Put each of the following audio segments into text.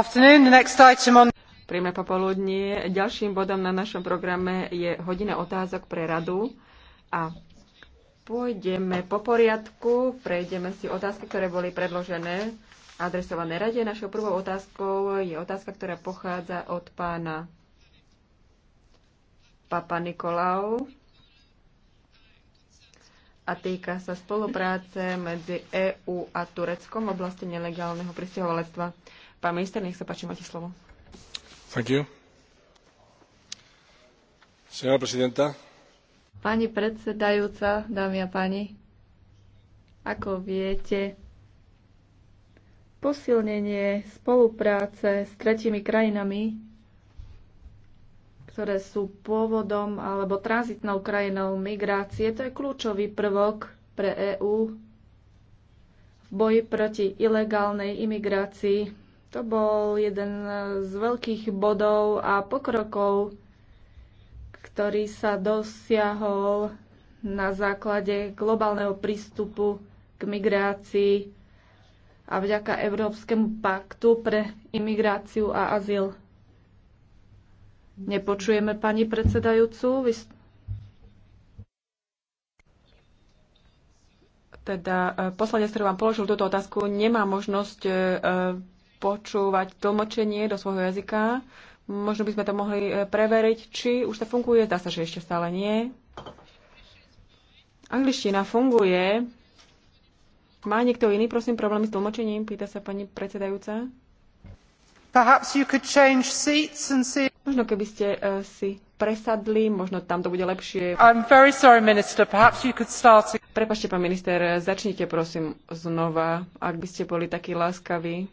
Príjme popoludnie. Ďalším bodom na našom programe je hodina otázok pre radu a pôjdeme po poriadku, prejdeme si otázky, ktoré boli predložené adresované rade. Našou prvou otázkou je otázka, ktorá pochádza od pána Papa Nikolau a týka sa spolupráce medzi EÚ a Tureckom v oblasti nelegálneho pristahovalectva. Pán minister, nech sa páči, máte slovo. Thank you. Señora prezidenta. Pani predsedajúca, dámy a páni, ako viete, posilnenie spolupráce s tretimi krajinami, ktoré sú pôvodom alebo tranzitnou krajinou migrácie, to je kľúčový prvok pre EÚ v boji proti ilegálnej imigrácii to bol jeden z veľkých bodov a pokrokov, ktorý sa dosiahol na základe globálneho prístupu k migrácii a vďaka Európskemu paktu pre imigráciu a azyl. Nepočujeme pani predsedajúcu. Vy... Teda e, poslanec, ktorý vám položil túto otázku, nemá možnosť e, počúvať tlmočenie do svojho jazyka. Možno by sme to mohli e, preveriť, či už to funguje. Zdá sa, že ešte stále nie. Angličtina funguje. Má niekto iný, prosím, problémy s tlmočením? Pýta sa pani predsedajúca. See... Možno keby ste uh, si presadli, možno tam to bude lepšie. Sorry, start... Prepašte, pán minister, e, začnite prosím znova, ak by ste boli takí láskaví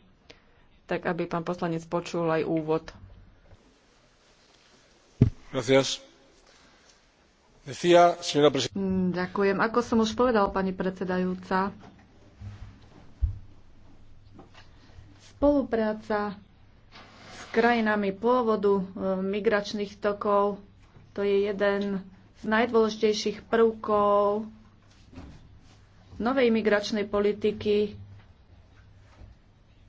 tak aby pán poslanec počul aj úvod. Gracias. Decía, señora mm, Ďakujem. Ako som už povedal, pani predsedajúca, spolupráca s krajinami pôvodu e, migračných tokov to je jeden z najdôležitejších prvkov novej migračnej politiky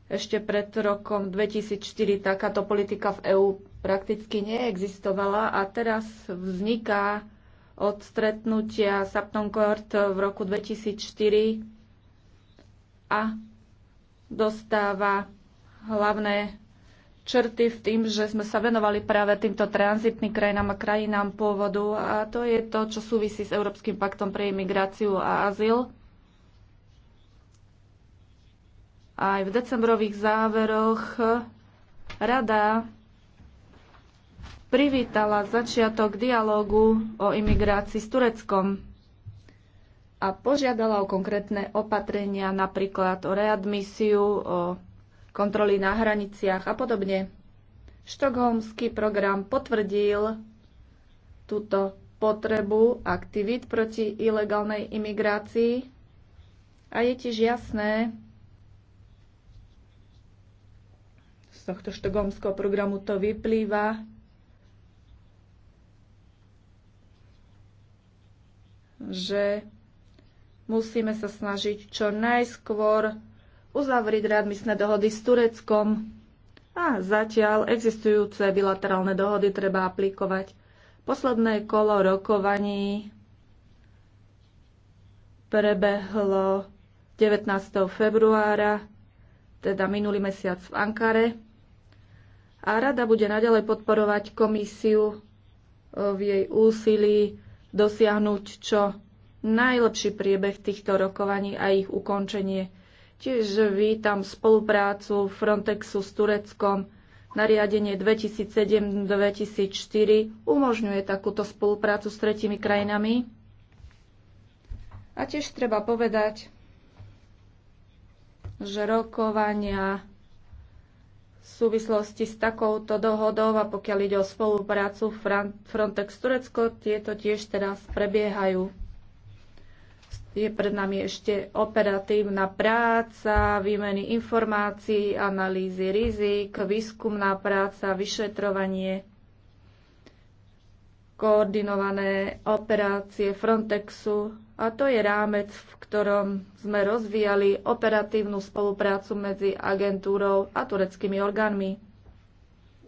ešte pred rokom 2004 takáto politika v EÚ prakticky neexistovala a teraz vzniká od stretnutia Court v roku 2004 a dostáva hlavné črty v tým, že sme sa venovali práve týmto tranzitným krajinám a krajinám pôvodu a to je to, čo súvisí s Európskym paktom pre imigráciu a azyl. aj v decembrových záveroch rada privítala začiatok dialógu o imigrácii s Tureckom a požiadala o konkrétne opatrenia, napríklad o readmisiu, o kontroly na hraniciach a podobne. Štokholmský program potvrdil túto potrebu aktivít proti ilegálnej imigrácii a je tiež jasné, tohto štogomského programu to vyplýva. že musíme sa snažiť čo najskôr uzavrieť readmisné dohody s Tureckom a zatiaľ existujúce bilaterálne dohody treba aplikovať. Posledné kolo rokovaní prebehlo 19. februára, teda minulý mesiac v Ankare. A rada bude naďalej podporovať komisiu e, v jej úsilí dosiahnuť čo najlepší priebeh týchto rokovaní a ich ukončenie. Tiež vítam spoluprácu Frontexu s Tureckom. Nariadenie 2007-2004 umožňuje takúto spoluprácu s tretimi krajinami. A tiež treba povedať, že rokovania v súvislosti s takouto dohodou a pokiaľ ide o spoluprácu Frontex Turecko, tieto tiež teraz prebiehajú. Je pred nami ešte operatívna práca, výmeny informácií, analýzy rizik, výskumná práca, vyšetrovanie, koordinované operácie Frontexu a to je rámec, v ktorom sme rozvíjali operatívnu spoluprácu medzi agentúrou a tureckými orgánmi.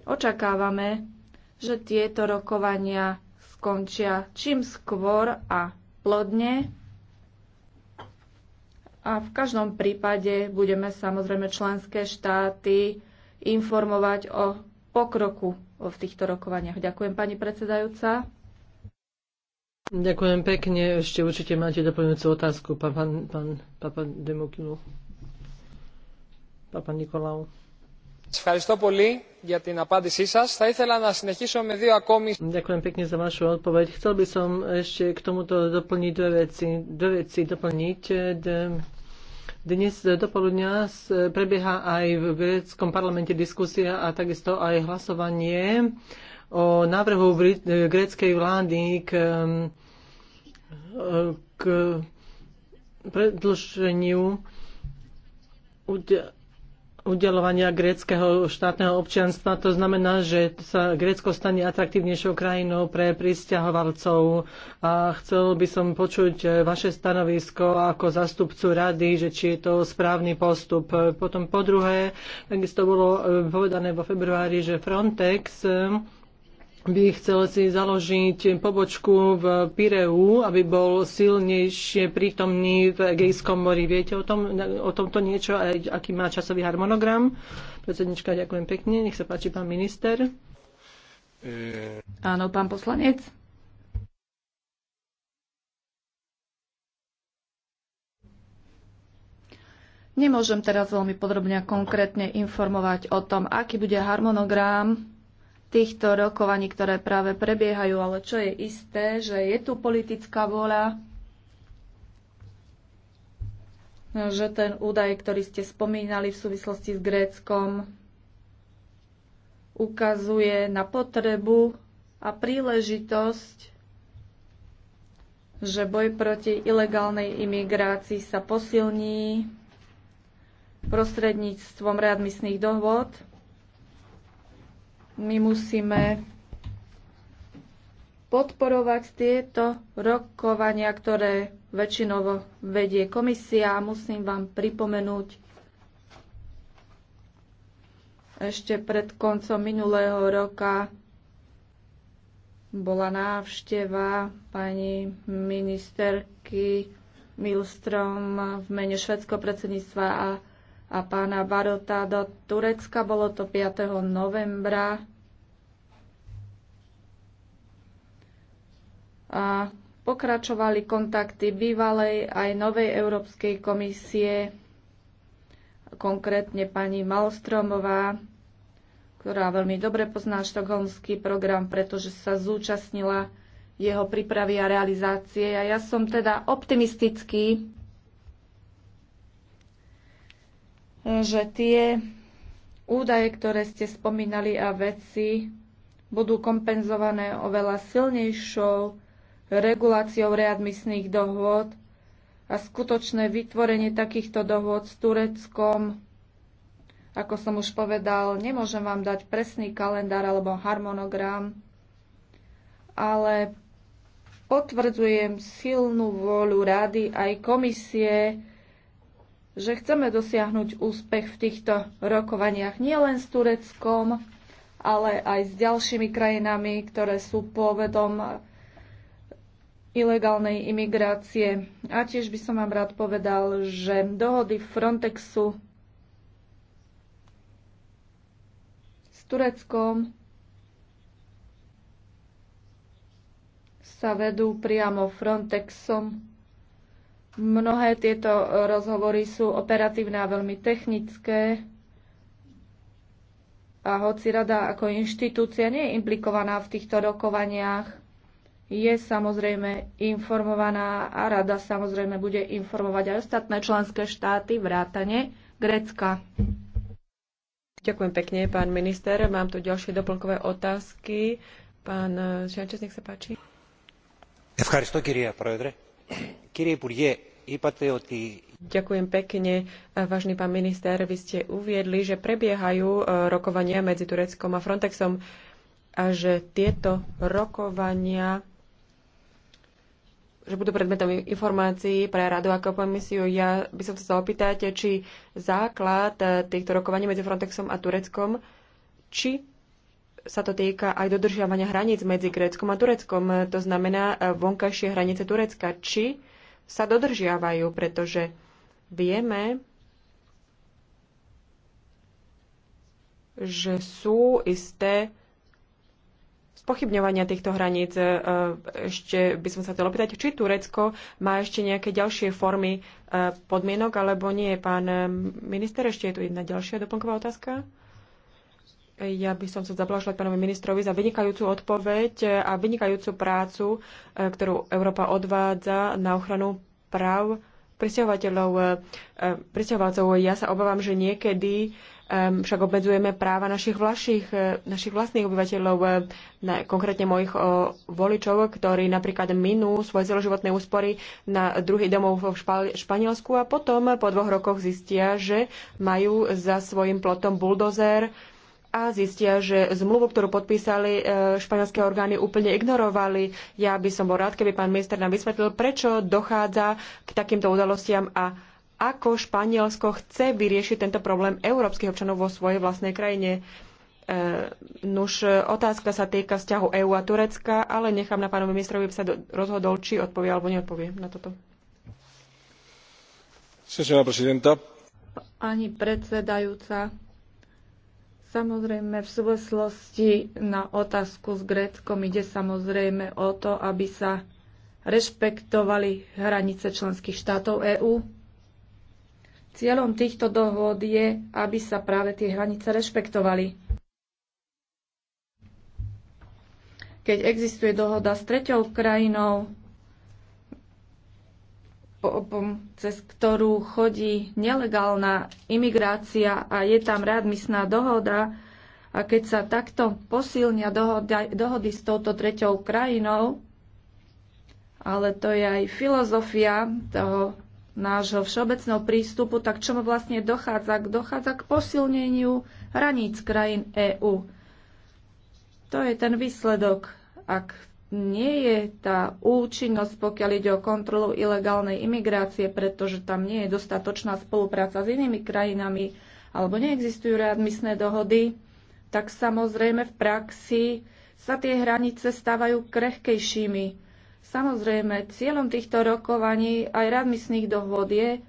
Očakávame, že tieto rokovania skončia čím skôr a plodne. A v každom prípade budeme samozrejme členské štáty informovať o pokroku v týchto rokovaniach. Ďakujem, pani predsedajúca. Ďakujem pekne. Ešte určite máte doplňujúcu otázku, pán, pán, pán, pán Demokinu. Pán, pán Nikolau. Ευχαριστώ πολύ για την απάντησή σας. Θα ήθελα να συνεχίσω με δύο ακόμη... Ďakujem pekne za vašu odpoveď. Chcel by som ešte k tomuto doplniť dve veci. Dve veci doplniť. Dnes do dopoludňa prebieha aj v gréckom parlamente diskusia a takisto aj hlasovanie o návrhu gréckej vlády k, um, k predlženiu udelovania gréckého štátneho občianstva. To znamená, že sa Grécko stane atraktívnejšou krajinou pre pristahovalcov. A chcel by som počuť vaše stanovisko ako zastupcu rady, že či je to správny postup. Potom po druhé, takisto bolo povedané vo februári, že Frontex by chcel si založiť pobočku v Pireu, aby bol silnejšie prítomný v Egejskom mori. Viete o, tom, o tomto niečo, aj aký má časový harmonogram? Predsednička, ďakujem pekne. Nech sa páči, pán minister. E... Áno, pán poslanec. Nemôžem teraz veľmi podrobne a konkrétne informovať o tom, aký bude harmonogram týchto rokovaní, ktoré práve prebiehajú, ale čo je isté, že je tu politická vôľa, že ten údaj, ktorý ste spomínali v súvislosti s Gréckom, ukazuje na potrebu a príležitosť, že boj proti ilegálnej imigrácii sa posilní prostredníctvom readmisných dohôd my musíme podporovať tieto rokovania, ktoré väčšinovo vedie komisia. Musím vám pripomenúť, ešte pred koncom minulého roka bola návšteva pani ministerky Milstrom v mene švedského predsedníctva a a pána Barota do Turecka. Bolo to 5. novembra. A pokračovali kontakty bývalej aj novej Európskej komisie, konkrétne pani Malstromová, ktorá veľmi dobre pozná štokholmský program, pretože sa zúčastnila jeho prípravy a realizácie. A ja som teda optimistický, že tie údaje, ktoré ste spomínali a veci, budú kompenzované oveľa silnejšou reguláciou readmisných dohôd a skutočné vytvorenie takýchto dohôd s Tureckom, ako som už povedal, nemôžem vám dať presný kalendár alebo harmonogram, ale potvrdzujem silnú vôľu rady aj komisie že chceme dosiahnuť úspech v týchto rokovaniach nielen s Tureckom, ale aj s ďalšími krajinami, ktoré sú povedom ilegálnej imigrácie. A tiež by som vám rád povedal, že dohody Frontexu s Tureckom sa vedú priamo Frontexom Mnohé tieto rozhovory sú operatívne a veľmi technické. A hoci rada ako inštitúcia nie je implikovaná v týchto rokovaniach, je samozrejme informovaná a rada samozrejme bude informovať aj ostatné členské štáty vrátane Grécka. Ďakujem pekne, pán minister. Mám tu ďalšie doplnkové otázky. Pán Žančes, nech sa páči. Ευχαριστώ, Ďakujem pekne. Vážny pán minister, vy ste uviedli, že prebiehajú e, rokovania medzi Tureckom a Frontexom a že tieto rokovania že budú predmetom informácií pre radu ako komisiu. Ja by som sa opýtať, či základ e, týchto rokovaní medzi Frontexom a Tureckom, či sa to týka aj dodržiavania hraníc medzi Gréckom a Tureckom, e, to znamená vonkajšie hranice Turecka, či sa dodržiavajú, pretože vieme, že sú isté spochybňovania týchto hraníc. E, ešte by som sa chcel opýtať, či Turecko má ešte nejaké ďalšie formy e, podmienok, alebo nie. Pán minister, ešte je tu jedna ďalšia doplnková otázka. Ja by som sa zablášila pánovi ministrovi za vynikajúcu odpoveď a vynikajúcu prácu, e, ktorú Európa odvádza na ochranu práv prisťahovateľov, e, prisťahovalcov. Ja sa obávam, že niekedy e, však obmedzujeme práva našich, vlašich, našich vlastných obyvateľov, konkrétne mojich voličov, ktorí napríklad minú svoje celoživotné úspory na druhý domov v Španielsku a potom po dvoch rokoch zistia, že majú za svojim plotom buldozer a zistia, že zmluvu, ktorú podpísali e, španielské orgány, úplne ignorovali. Ja by som bol rád, keby pán minister nám vysvetlil, prečo dochádza k takýmto udalostiam a ako Španielsko chce vyriešiť tento problém európskych občanov vo svojej vlastnej krajine. E, nuž, otázka sa týka vzťahu EÚ a Turecka, ale nechám na pánu ministrovi, aby sa rozhodol, či odpovie alebo neodpovie na toto. Pani predsedajúca, Samozrejme, v súvislosti na otázku s Gréckom ide samozrejme o to, aby sa rešpektovali hranice členských štátov EÚ. Cieľom týchto dohôd je, aby sa práve tie hranice rešpektovali. Keď existuje dohoda s treťou krajinou, cez ktorú chodí nelegálna imigrácia a je tam readmisná dohoda, a keď sa takto posilnia dohoda, dohody s touto treťou krajinou, ale to je aj filozofia toho nášho všeobecného prístupu, tak čo vlastne dochádza? Dochádza k posilneniu hraníc krajín EÚ. To je ten výsledok, ak nie je tá účinnosť, pokiaľ ide o kontrolu ilegálnej imigrácie, pretože tam nie je dostatočná spolupráca s inými krajinami alebo neexistujú readmisné dohody, tak samozrejme v praxi sa tie hranice stávajú krehkejšími. Samozrejme, cieľom týchto rokovaní aj readmisných dohod je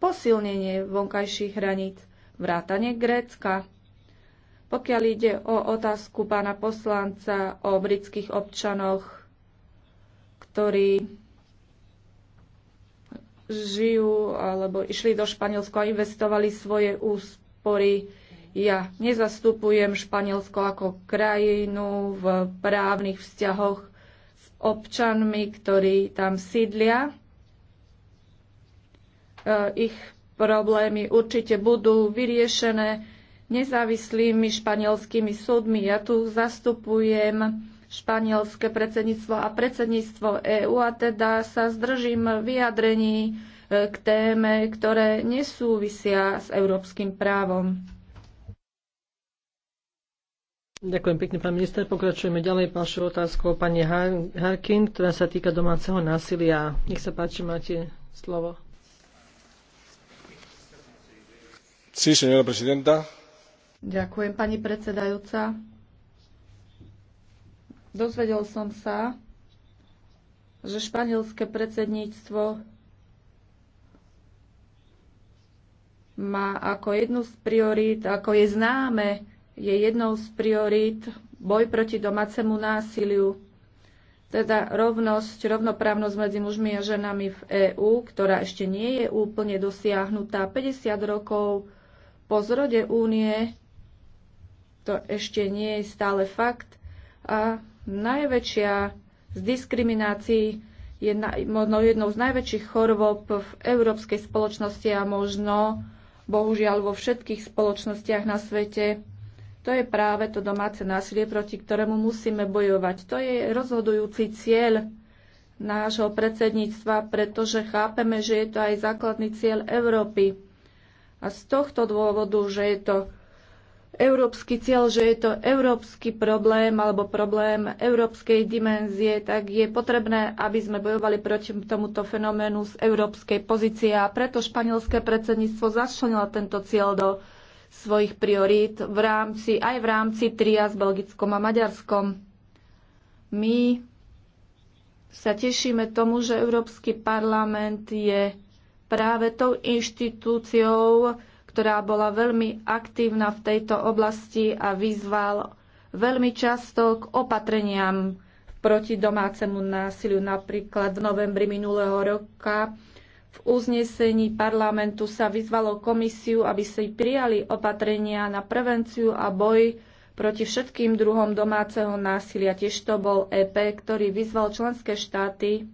posilnenie vonkajších hraníc, vrátanie Grécka. Pokiaľ ide o otázku pána poslanca o britských občanoch, ktorí žijú alebo išli do Španielska a investovali svoje úspory. Ja nezastupujem Španielsko ako krajinu v právnych vzťahoch s občanmi, ktorí tam sídlia. E, ich problémy určite budú vyriešené nezávislými španielskými súdmi. Ja tu zastupujem španielské predsedníctvo a predsedníctvo EÚ a teda sa zdržím vyjadrení e, k téme, ktoré nesúvisia s európskym právom. Ďakujem pekne, pán minister. Pokračujeme ďalej vašou otázkou pani Harkin, ktorá sa týka domáceho násilia. Nech sa páči, máte slovo. Sí, señora presidenta. Ďakujem, pani predsedajúca. Dozvedel som sa, že španielské predsedníctvo má ako jednu z priorít, ako je známe, je jednou z priorít boj proti domácemu násiliu, teda rovnosť, rovnoprávnosť medzi mužmi a ženami v EÚ, ktorá ešte nie je úplne dosiahnutá 50 rokov po zrode únie to ešte nie je stále fakt. A najväčšia z diskriminácií je možno jednou z najväčších chorôb v európskej spoločnosti a možno, bohužiaľ, vo všetkých spoločnostiach na svete. To je práve to domáce násilie, proti ktorému musíme bojovať. To je rozhodujúci cieľ nášho predsedníctva, pretože chápeme, že je to aj základný cieľ Európy. A z tohto dôvodu, že je to európsky cieľ, že je to európsky problém alebo problém európskej dimenzie, tak je potrebné, aby sme bojovali proti tomuto fenoménu z európskej pozície a preto španielské predsedníctvo začlenilo tento cieľ do svojich priorít v rámci, aj v rámci tria s Belgickom a Maďarskom. My sa tešíme tomu, že Európsky parlament je práve tou inštitúciou, ktorá bola veľmi aktívna v tejto oblasti a vyzval veľmi často k opatreniam proti domácemu násiliu. Napríklad v novembri minulého roka v uznesení parlamentu sa vyzvalo komisiu, aby si prijali opatrenia na prevenciu a boj proti všetkým druhom domáceho násilia. Tiež to bol EP, ktorý vyzval členské štáty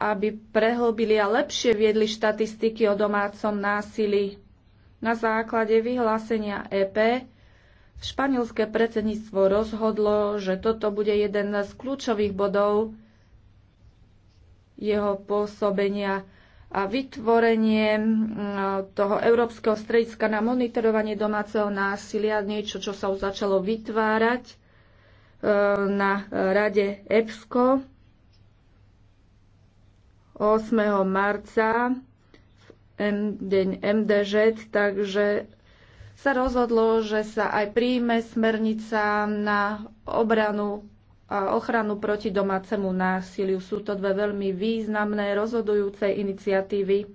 aby prehlbili a lepšie viedli štatistiky o domácom násilí. Na základe vyhlásenia EP španielské predsedníctvo rozhodlo, že toto bude jeden z kľúčových bodov jeho pôsobenia a vytvorenie mm, toho Európskeho strediska na monitorovanie domáceho násilia, niečo, čo sa už začalo vytvárať e, na rade EPSCO 8. marca M, deň MDŽ, takže sa rozhodlo, že sa aj príjme smernica na obranu a ochranu proti domácemu násiliu. Sú to dve veľmi významné rozhodujúce iniciatívy,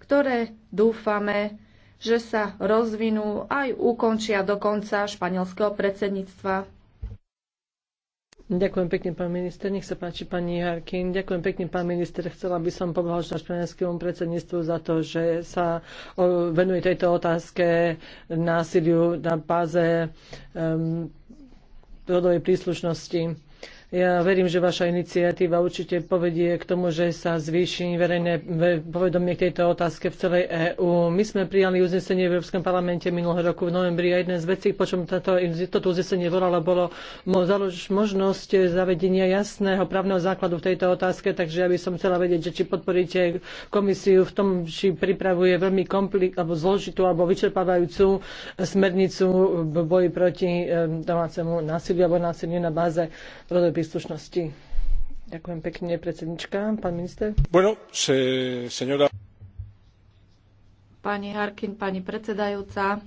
ktoré dúfame, že sa rozvinú aj ukončia do konca španielského predsedníctva. Ďakujem pekne, pán minister. Nech sa páči, pani Harkin. Ďakujem pekne, pán minister. Chcela by som poblahožať španielskému predsedníctvu za to, že sa venuje tejto otázke násiliu na báze um, rodovej príslušnosti ja verím, že vaša iniciatíva určite povedie k tomu, že sa zvýši verejné povedomie k tejto otázke v celej EÚ. My sme prijali uznesenie v Európskom parlamente minulého roku v novembri a jedna z vecí, po čom tato, toto uznesenie volalo, bolo možnosť zavedenia jasného právneho základu v tejto otázke, takže ja by som chcela vedieť, že či podporíte komisiu v tom, či pripravuje veľmi komplik, alebo zložitú alebo vyčerpávajúcu smernicu v boji proti eh, domácemu násiliu alebo násiliu na báze rodopisu príslušnosti. Ďakujem pekne, predsednička. Pán minister. Bueno, se, señora... Pani Harkin, pani predsedajúca,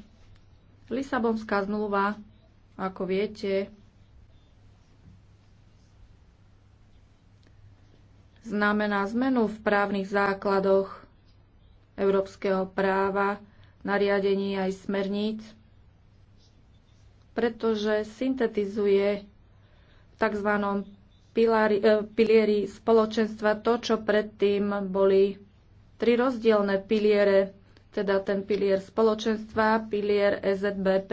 Lisabonská zmluva, ako viete, znamená zmenu v právnych základoch európskeho práva, nariadení aj smerníc, pretože syntetizuje tzv. Pilári, eh, pilieri spoločenstva, to, čo predtým boli tri rozdielne piliere, teda ten pilier spoločenstva, pilier EZBP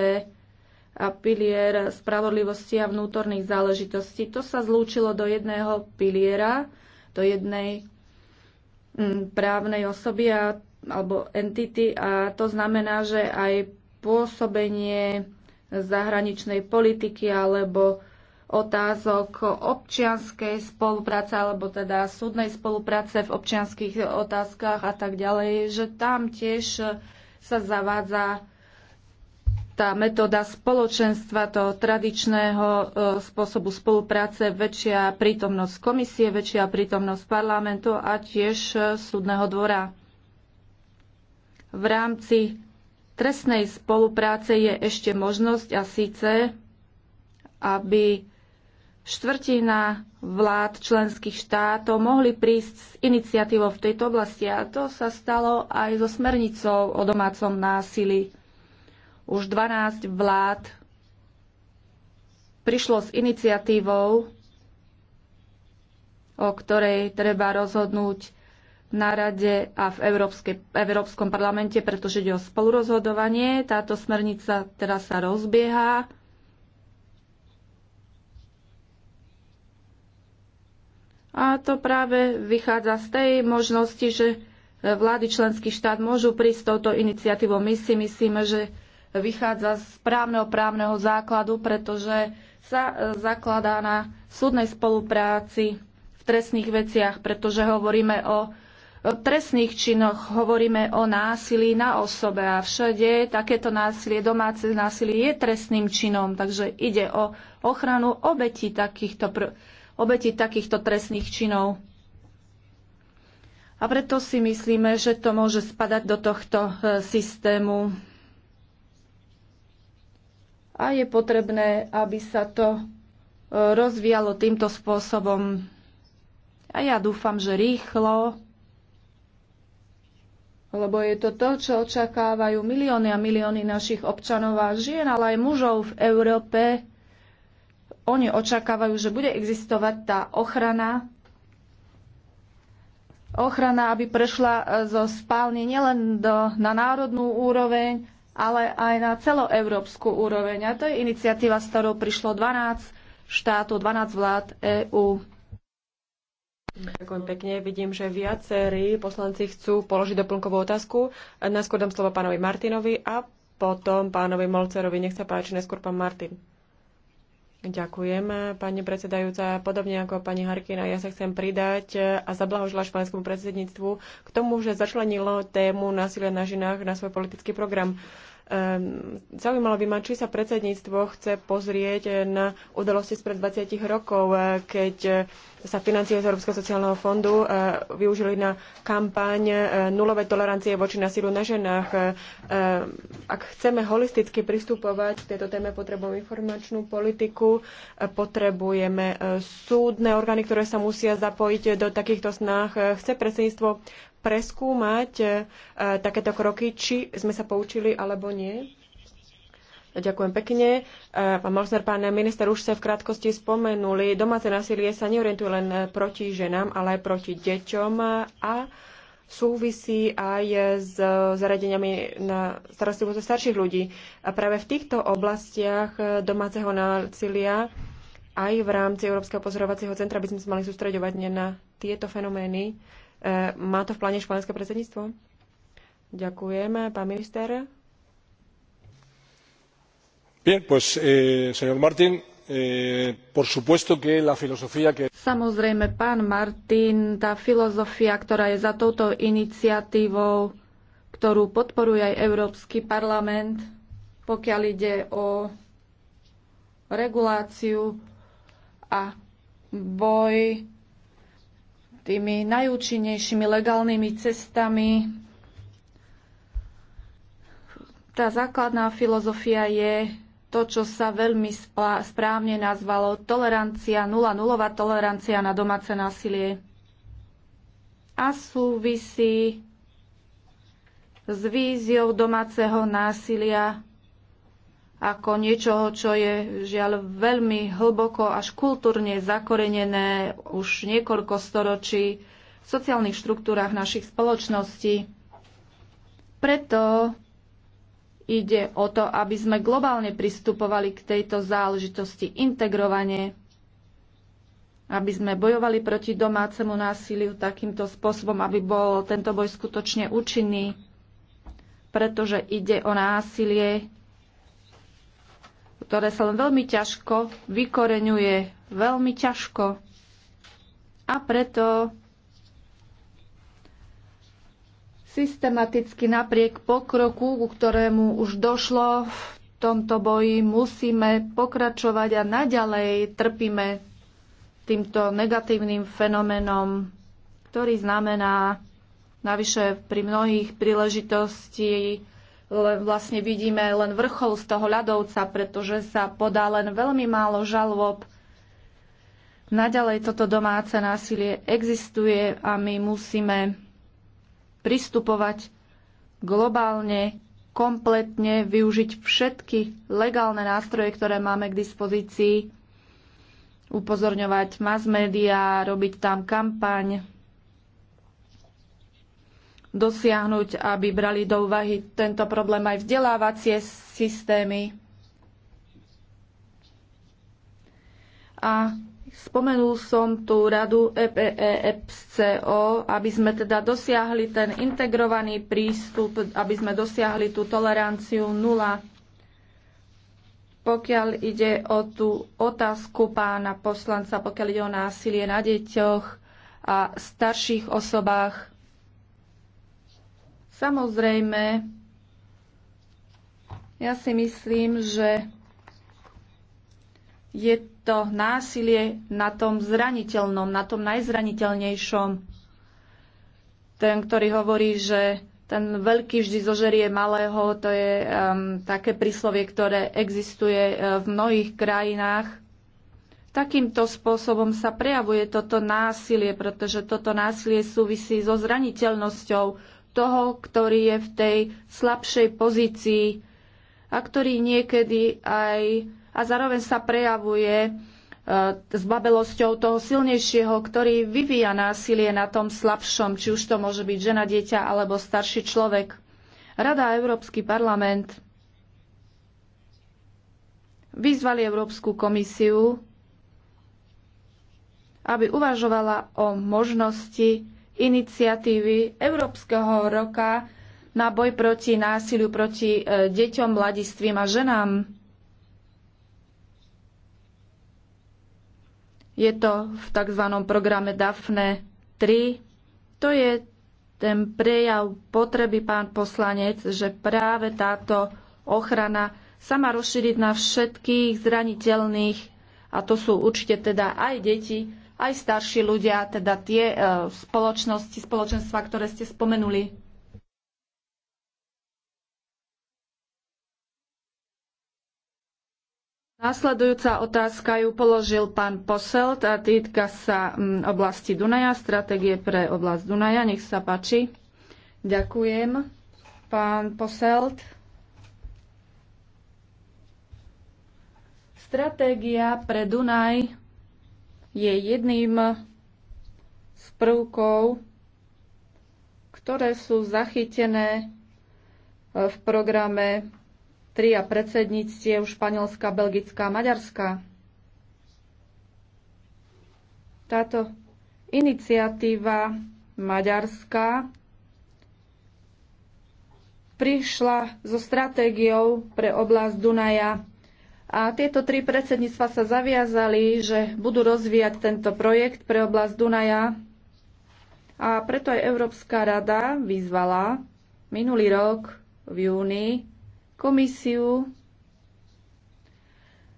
a pilier spravodlivosti a vnútorných záležitostí. To sa zlúčilo do jedného piliera, do jednej mm, právnej osoby a, alebo entity a to znamená, že aj pôsobenie zahraničnej politiky alebo otázok občianskej spolupráce alebo teda súdnej spolupráce v občianských otázkach a tak ďalej, že tam tiež sa zavádza tá metóda spoločenstva, toho tradičného e, spôsobu spolupráce, väčšia prítomnosť komisie, väčšia prítomnosť parlamentu a tiež e, súdneho dvora. V rámci trestnej spolupráce je ešte možnosť a síce, aby štvrtina vlád členských štátov mohli prísť s iniciatívou v tejto oblasti a to sa stalo aj so smernicou o domácom násili. Už 12 vlád prišlo s iniciatívou, o ktorej treba rozhodnúť na Rade a v, Európske, Európskom parlamente, pretože ide o spolurozhodovanie. Táto smernica teraz sa rozbieha A to práve vychádza z tej možnosti, že vlády členských štát môžu prísť s touto iniciatívou. My si myslíme, že vychádza z právneho právneho základu, pretože sa e, zakladá na súdnej spolupráci v trestných veciach, pretože hovoríme o trestných činoch, hovoríme o násilí na osobe a všade takéto násilie, domáce násilie je trestným činom, takže ide o ochranu obetí takýchto pr- obeti takýchto trestných činov. A preto si myslíme, že to môže spadať do tohto e, systému. A je potrebné, aby sa to e, rozvíjalo týmto spôsobom. A ja dúfam, že rýchlo, lebo je to to, čo očakávajú milióny a milióny našich občanov a žien, ale aj mužov v Európe, oni očakávajú, že bude existovať tá ochrana, ochrana, aby prešla e, zo spálne nielen do, na národnú úroveň, ale aj na celoeurópsku úroveň. A to je iniciatíva, s ktorou prišlo 12 štátov, 12 vlád EÚ. Ďakujem pekne. Vidím, že viacerí poslanci chcú položiť doplnkovú otázku. Najskôr dám slovo pánovi Martinovi a potom pánovi Molcerovi. Nech sa páči, neskôr pán Martin. Ďakujem, pani predsedajúca. Podobne ako pani Harkina, ja sa chcem pridať a zablahožila španskému predsedníctvu k tomu, že začlenilo tému násilia na ženách na svoj politický program. Um, zaujímalo by ma, či sa predsedníctvo chce pozrieť na udalosti spred 20 rokov, keď sa financie z Európskeho sociálneho fondu e, využili na kampaň e, nulové tolerancie voči nasilu na ženách. E, ak chceme holisticky pristupovať k tejto téme, potrebujeme informačnú politiku, potrebujeme súdne orgány, ktoré sa musia zapojiť do takýchto snách. Chce predsedníctvo preskúmať takéto kroky, či sme sa poučili alebo nie? Ďakujem pekne. E, pán Molsner, pán minister, už sa v krátkosti spomenuli. Domáce násilie sa neorientuje len proti ženám, ale aj proti deťom a súvisí aj s zariadeniami na starostlivosť starších ľudí. A práve v týchto oblastiach domáceho násilia aj v rámci Európskeho pozorovacieho centra by sme sa mali sústreďovať na tieto fenomény. E, má to v pláne španielské predsedníctvo? Ďakujeme, pán minister. Eh, eh, Samozrejme, pán Martin, tá filozofia, ktorá je za touto iniciatívou, ktorú podporuje aj Európsky parlament, pokiaľ ide o reguláciu a boj tými najúčinnejšími legálnymi cestami. Tá základná filozofia je to, čo sa veľmi správne nazvalo tolerancia, nula, nulová tolerancia na domáce násilie. A súvisí s víziou domáceho násilia ako niečoho, čo je žiaľ veľmi hlboko až kultúrne zakorenené už niekoľko storočí v sociálnych štruktúrach našich spoločností. Preto Ide o to, aby sme globálne pristupovali k tejto záležitosti integrovanie, aby sme bojovali proti domácemu násiliu takýmto spôsobom, aby bol tento boj skutočne účinný, pretože ide o násilie, ktoré sa len veľmi ťažko vykoreňuje, veľmi ťažko. A preto Systematicky napriek pokroku, ku ktorému už došlo v tomto boji, musíme pokračovať a naďalej trpíme týmto negatívnym fenoménom, ktorý znamená navyše pri mnohých príležitosti vlastne vidíme len vrchol z toho ľadovca, pretože sa podá len veľmi málo žalob Naďalej toto domáce násilie existuje a my musíme pristupovať globálne, kompletne, využiť všetky legálne nástroje, ktoré máme k dispozícii, upozorňovať mass media, robiť tam kampaň, dosiahnuť, aby brali do úvahy tento problém aj vzdelávacie systémy. A Spomenul som tú radu EPEFCO, aby sme teda dosiahli ten integrovaný prístup, aby sme dosiahli tú toleranciu nula. Pokiaľ ide o tú otázku pána poslanca, pokiaľ ide o násilie na deťoch a starších osobách, samozrejme, ja si myslím, že je to násilie na tom zraniteľnom, na tom najzraniteľnejšom. Ten, ktorý hovorí, že ten veľký vždy zožerie malého, to je um, také príslovie, ktoré existuje uh, v mnohých krajinách. Takýmto spôsobom sa prejavuje toto násilie, pretože toto násilie súvisí so zraniteľnosťou toho, ktorý je v tej slabšej pozícii a ktorý niekedy aj a zároveň sa prejavuje e, s babelosťou toho silnejšieho, ktorý vyvíja násilie na tom slabšom, či už to môže byť žena, dieťa alebo starší človek. Rada a Európsky parlament vyzvali Európsku komisiu, aby uvažovala o možnosti iniciatívy Európskeho roka na boj proti násiliu proti e, deťom, mladistvím a ženám. Je to v tzv. programe DAFNE 3. To je ten prejav potreby, pán poslanec, že práve táto ochrana sa má rozšíriť na všetkých zraniteľných, a to sú určite teda aj deti, aj starší ľudia, teda tie e, spoločnosti, spoločenstva, ktoré ste spomenuli. Následujúca otázka ju položil pán Poselt a týka sa mm, oblasti Dunaja, stratégie pre oblasť Dunaja. Nech sa páči. Ďakujem. Pán Poselt. Stratégia pre Dunaj je jedným z prvkov, ktoré sú zachytené v programe Tri a predsedníctiev Španielska, Belgická a Maďarska. Táto iniciatíva Maďarska prišla so stratégiou pre oblasť Dunaja a tieto tri predsedníctva sa zaviazali, že budú rozvíjať tento projekt pre oblasť Dunaja. A preto aj Európska rada vyzvala minulý rok v júni komisiu,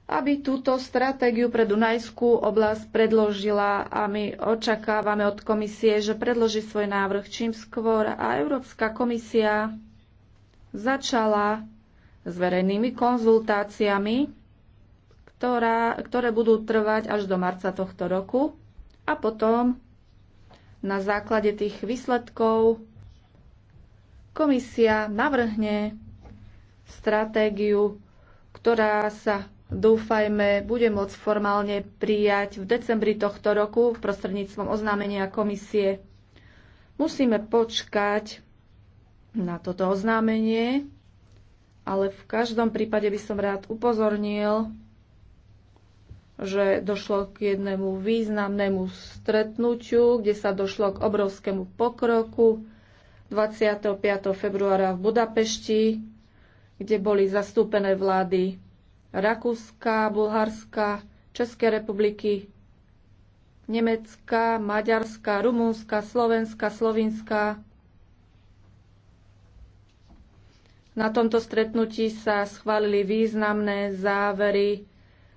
aby túto stratégiu pre Dunajskú oblasť predložila a my očakávame od komisie, že predloží svoj návrh čím skôr a Európska komisia začala s verejnými konzultáciami, ktorá, ktoré budú trvať až do marca tohto roku a potom na základe tých výsledkov komisia navrhne stratégiu, ktorá sa, dúfajme, bude môcť formálne prijať v decembri tohto roku prostredníctvom oznámenia komisie. Musíme počkať na toto oznámenie, ale v každom prípade by som rád upozornil, že došlo k jednému významnému stretnutiu, kde sa došlo k obrovskému pokroku 25. februára v Budapešti kde boli zastúpené vlády Rakúska, Bulharska, Českej republiky, Nemecka, Maďarska, Rumúnska, Slovenska, Slovinska. Na tomto stretnutí sa schválili významné závery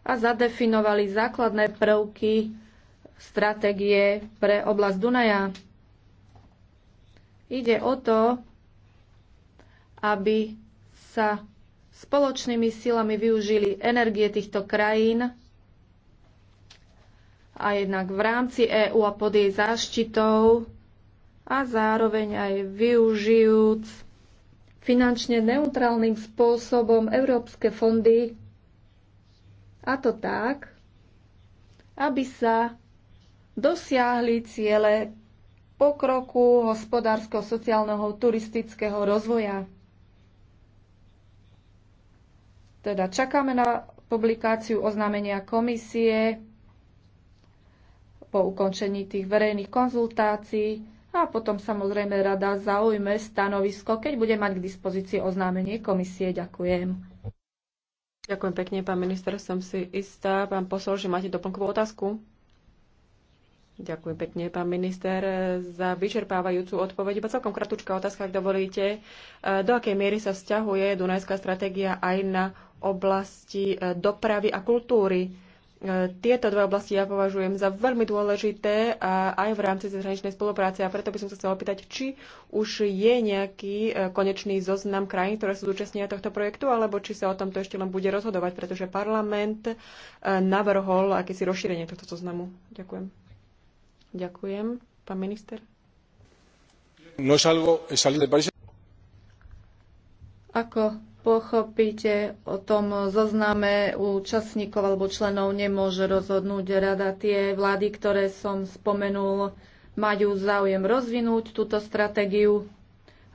a zadefinovali základné prvky stratégie pre oblasť Dunaja. Ide o to, aby sa spoločnými silami využili energie týchto krajín a jednak v rámci EÚ a pod jej záštitou a zároveň aj využijúc finančne neutrálnym spôsobom európske fondy a to tak, aby sa dosiahli ciele pokroku hospodársko-sociálneho turistického rozvoja. Teda čakáme na publikáciu oznámenia komisie po ukončení tých verejných konzultácií a potom samozrejme rada zaujme stanovisko, keď bude mať k dispozícii oznámenie komisie. Ďakujem. Ďakujem pekne, pán minister. Som si istá, pán posol, že máte doplnkovú otázku. Ďakujem pekne, pán minister, za vyčerpávajúcu odpoveď. Iba celkom kratučká otázka, ak dovolíte. E, do akej miery sa vzťahuje Dunajská stratégia aj na oblasti e, dopravy a kultúry. E, tieto dve oblasti ja považujem za veľmi dôležité a aj v rámci zahraničnej spolupráce a preto by som sa chcela opýtať, či už je nejaký e, konečný zoznam krajín, ktoré sú zúčastnené tohto projektu, alebo či sa o tomto ešte len bude rozhodovať, pretože parlament navrhol akési rozšírenie tohto zoznamu. Ďakujem. Ďakujem. Pán minister. No salvo, salvo, Ako pochopíte, o tom zozname účastníkov alebo členov nemôže rozhodnúť rada. Tie vlády, ktoré som spomenul, majú záujem rozvinúť túto stratégiu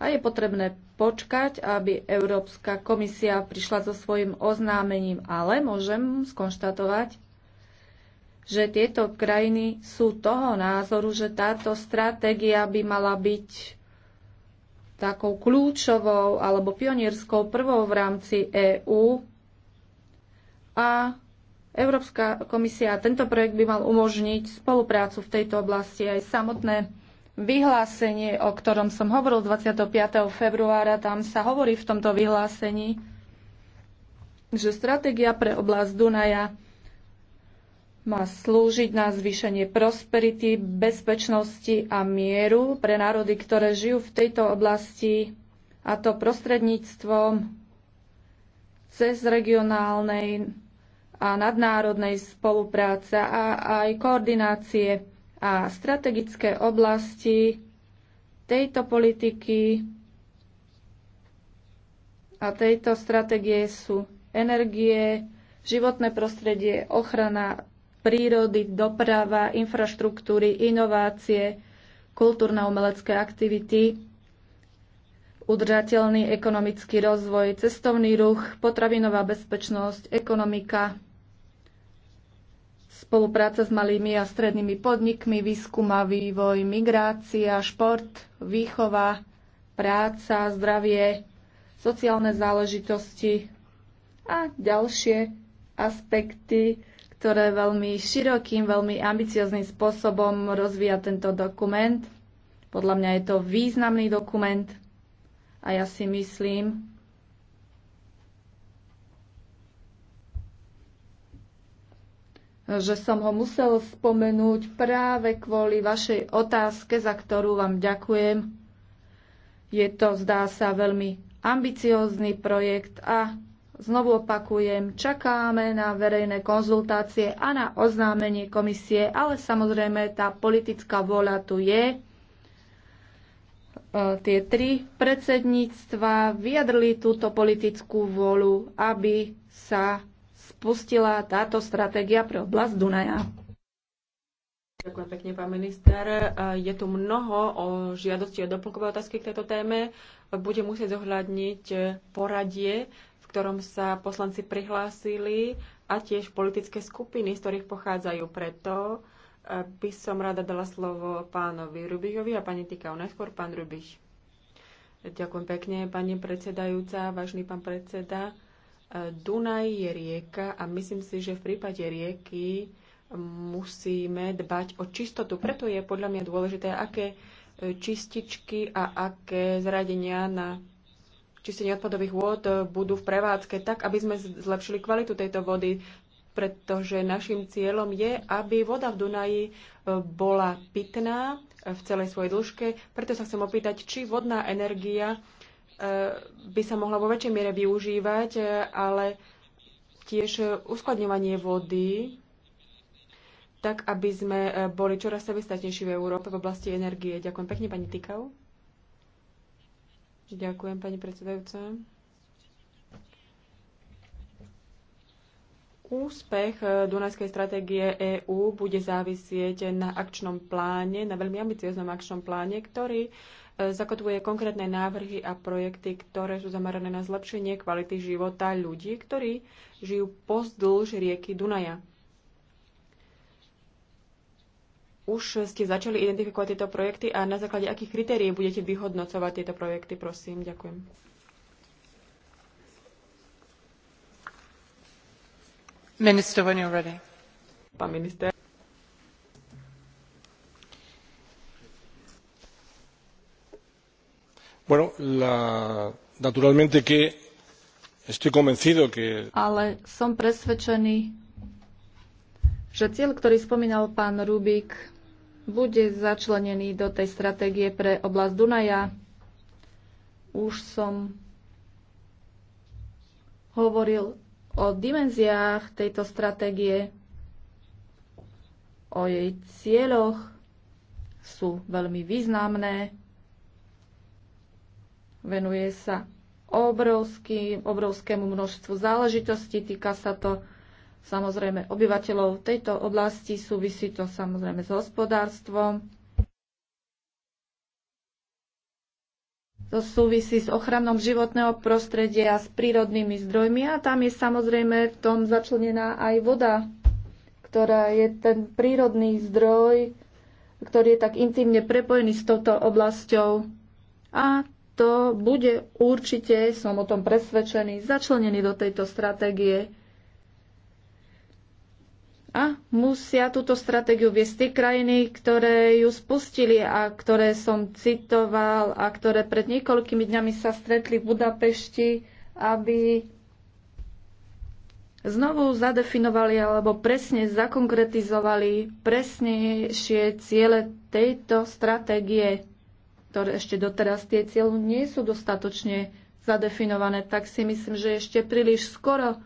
a je potrebné počkať, aby Európska komisia prišla so svojim oznámením. Ale môžem skonštatovať, že tieto krajiny sú toho názoru, že táto stratégia by mala byť takou kľúčovou alebo pionierskou prvou v rámci EÚ a Európska komisia tento projekt by mal umožniť spoluprácu v tejto oblasti aj samotné vyhlásenie, o ktorom som hovoril 25. februára, tam sa hovorí v tomto vyhlásení, že stratégia pre oblasť Dunaja má slúžiť na zvýšenie prosperity, bezpečnosti a mieru pre národy, ktoré žijú v tejto oblasti, a to prostredníctvom cez regionálnej a nadnárodnej spolupráce a aj koordinácie a strategické oblasti tejto politiky a tejto stratégie sú energie, životné prostredie, ochrana prírody, doprava, infraštruktúry, inovácie, kultúrno-umelecké aktivity, udržateľný ekonomický rozvoj, cestovný ruch, potravinová bezpečnosť, ekonomika, spolupráca s malými a strednými podnikmi, výskum a vývoj, migrácia, šport, výchova, práca, zdravie, sociálne záležitosti a ďalšie aspekty ktoré veľmi širokým, veľmi ambiciozným spôsobom rozvíja tento dokument. Podľa mňa je to významný dokument a ja si myslím, že som ho musel spomenúť práve kvôli vašej otázke, za ktorú vám ďakujem. Je to, zdá sa, veľmi ambiciózny projekt a znovu opakujem, čakáme na verejné konzultácie a na oznámenie komisie, ale samozrejme tá politická vôľa tu je. E, tie tri predsedníctva vyjadrili túto politickú vôľu, aby sa spustila táto stratégia pre oblasť Dunaja. Ďakujem pekne, pán minister. E, je tu mnoho o žiadosti a doplnkové otázky k tejto téme. Bude musieť zohľadniť poradie ktorom sa poslanci prihlásili a tiež politické skupiny, z ktorých pochádzajú. Preto e, by som rada dala slovo pánovi Rubišovi a pani Tikau. Najskôr pán Rubiš. Ďakujem pekne, pani predsedajúca, vážny pán predseda. E, Dunaj je rieka a myslím si, že v prípade rieky musíme dbať o čistotu. Preto je podľa mňa dôležité, aké e, čističky a aké zradenia na čistenie odpadových vôd e, budú v prevádzke tak, aby sme zlepšili kvalitu tejto vody, pretože našim cieľom je, aby voda v Dunaji e, bola pitná e, v celej svojej dĺžke. Preto sa chcem opýtať, či vodná energia by sa mohla vo väčšej miere využívať, ale tiež uskladňovanie vody, tak aby sme boli čoraz sebestatnejší v Európe v oblasti energie. Ďakujem pekne, pani Tikau. Ďakujem, pani predsedajúca. Úspech e, Dunajskej stratégie EÚ bude závisieť na akčnom pláne, na veľmi ambicioznom akčnom pláne, ktorý e, zakotvuje konkrétne návrhy a projekty, ktoré sú zamerané na zlepšenie kvality života ľudí, ktorí žijú pozdĺž rieky Dunaja. už ste začali identifikovať tieto projekty a na základe akých kritérií budete vyhodnocovať tieto projekty, prosím. Ďakujem. Minister, when you're ready. Pán minister. Bueno, la, naturalmente que estoy convencido que... Ale som presvedčený, že cieľ, ktorý spomínal pán Rubik, bude začlenený do tej stratégie pre oblasť Dunaja. Už som hovoril o dimenziách tejto stratégie, o jej cieľoch, sú veľmi významné. Venuje sa obrovský, obrovskému množstvu záležitostí, týka sa to samozrejme obyvateľov tejto oblasti, súvisí to samozrejme s hospodárstvom, to súvisí s ochranom životného prostredia, s prírodnými zdrojmi a tam je samozrejme v tom začlenená aj voda, ktorá je ten prírodný zdroj, ktorý je tak intimne prepojený s touto oblasťou. A to bude určite, som o tom presvedčený, začlenený do tejto stratégie a musia túto stratégiu viesť tie krajiny, ktoré ju spustili a ktoré som citoval a ktoré pred niekoľkými dňami sa stretli v Budapešti, aby znovu zadefinovali alebo presne zakonkretizovali presnejšie ciele tejto stratégie, ktoré ešte doteraz tie cieľu nie sú dostatočne zadefinované, tak si myslím, že ešte príliš skoro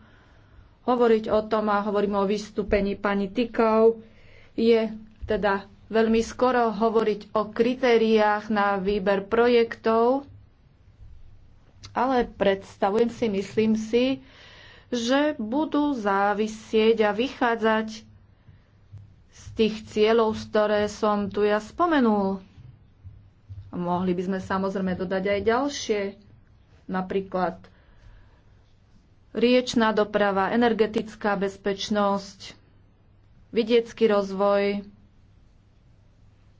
hovoriť o tom a hovorím o vystúpení pani Tikov. Je teda veľmi skoro hovoriť o kritériách na výber projektov, ale predstavujem si, myslím si, že budú závisieť a vychádzať z tých cieľov, ktoré som tu ja spomenul. Mohli by sme samozrejme dodať aj ďalšie, napríklad riečná doprava, energetická bezpečnosť, vidiecký rozvoj,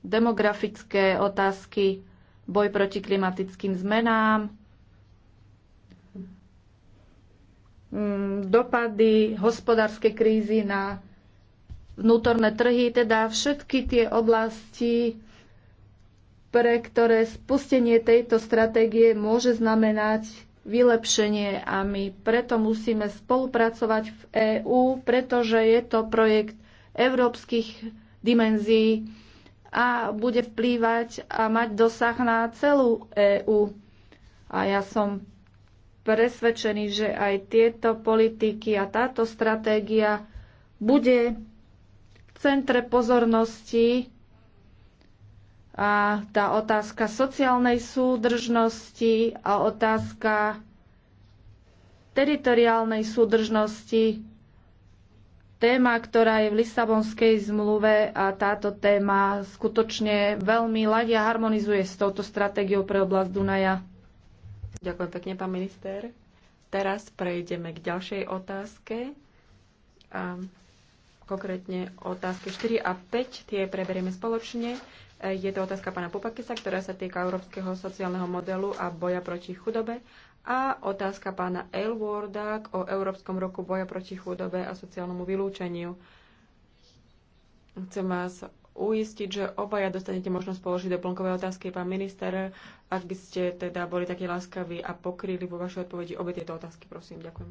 demografické otázky, boj proti klimatickým zmenám, mm, dopady hospodárskej krízy na vnútorné trhy, teda všetky tie oblasti, pre ktoré spustenie tejto stratégie môže znamenať vylepšenie a my preto musíme spolupracovať v EÚ, pretože je to projekt európskych dimenzí a bude vplývať a mať dosah na celú EÚ. A ja som presvedčený, že aj tieto politiky a táto stratégia bude v centre pozornosti a tá otázka sociálnej súdržnosti a otázka teritoriálnej súdržnosti, téma, ktorá je v Lisabonskej zmluve a táto téma skutočne veľmi ladia harmonizuje s touto stratégiou pre oblasť Dunaja. Ďakujem pekne, pán minister. Teraz prejdeme k ďalšej otázke. A konkrétne otázky 4 a 5, tie preberieme spoločne. Je to otázka pána Popakisa, ktorá sa týka európskeho sociálneho modelu a boja proti chudobe a otázka pána Aylwarda o Európskom roku boja proti chudobe a sociálnemu vylúčeniu. Chcem vás uistiť, že obaja dostanete možnosť položiť doplnkové otázky, pán minister, ak by ste teda boli takí láskaví a pokryli vo vašej odpovedi obe tieto otázky, prosím. Ďakujem.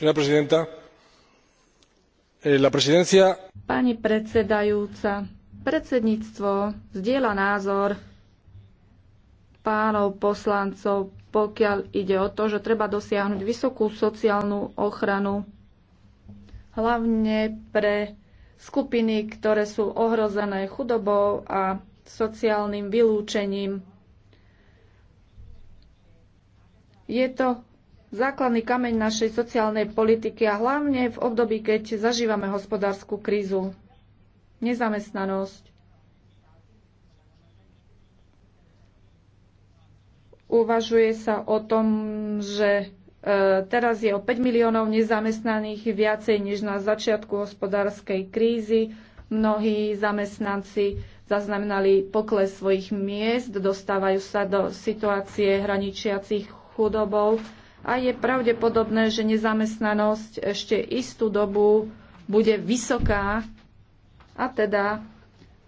Señora presidenta, eh, la presidencia... Pani predsedajúca, predsedníctvo zdieľa názor pánov poslancov, pokiaľ ide o to, že treba dosiahnuť vysokú sociálnu ochranu, hlavne pre skupiny, ktoré sú ohrozené chudobou a sociálnym vylúčením. Je to základný kameň našej sociálnej politiky a hlavne v období, keď zažívame hospodárskú krízu. Nezamestnanosť. Uvažuje sa o tom, že e, teraz je o 5 miliónov nezamestnaných viacej než na začiatku hospodárskej krízy. Mnohí zamestnanci zaznamenali pokles svojich miest, dostávajú sa do situácie hraničiacich chudobou a je pravdepodobné, že nezamestnanosť ešte istú dobu bude vysoká a teda,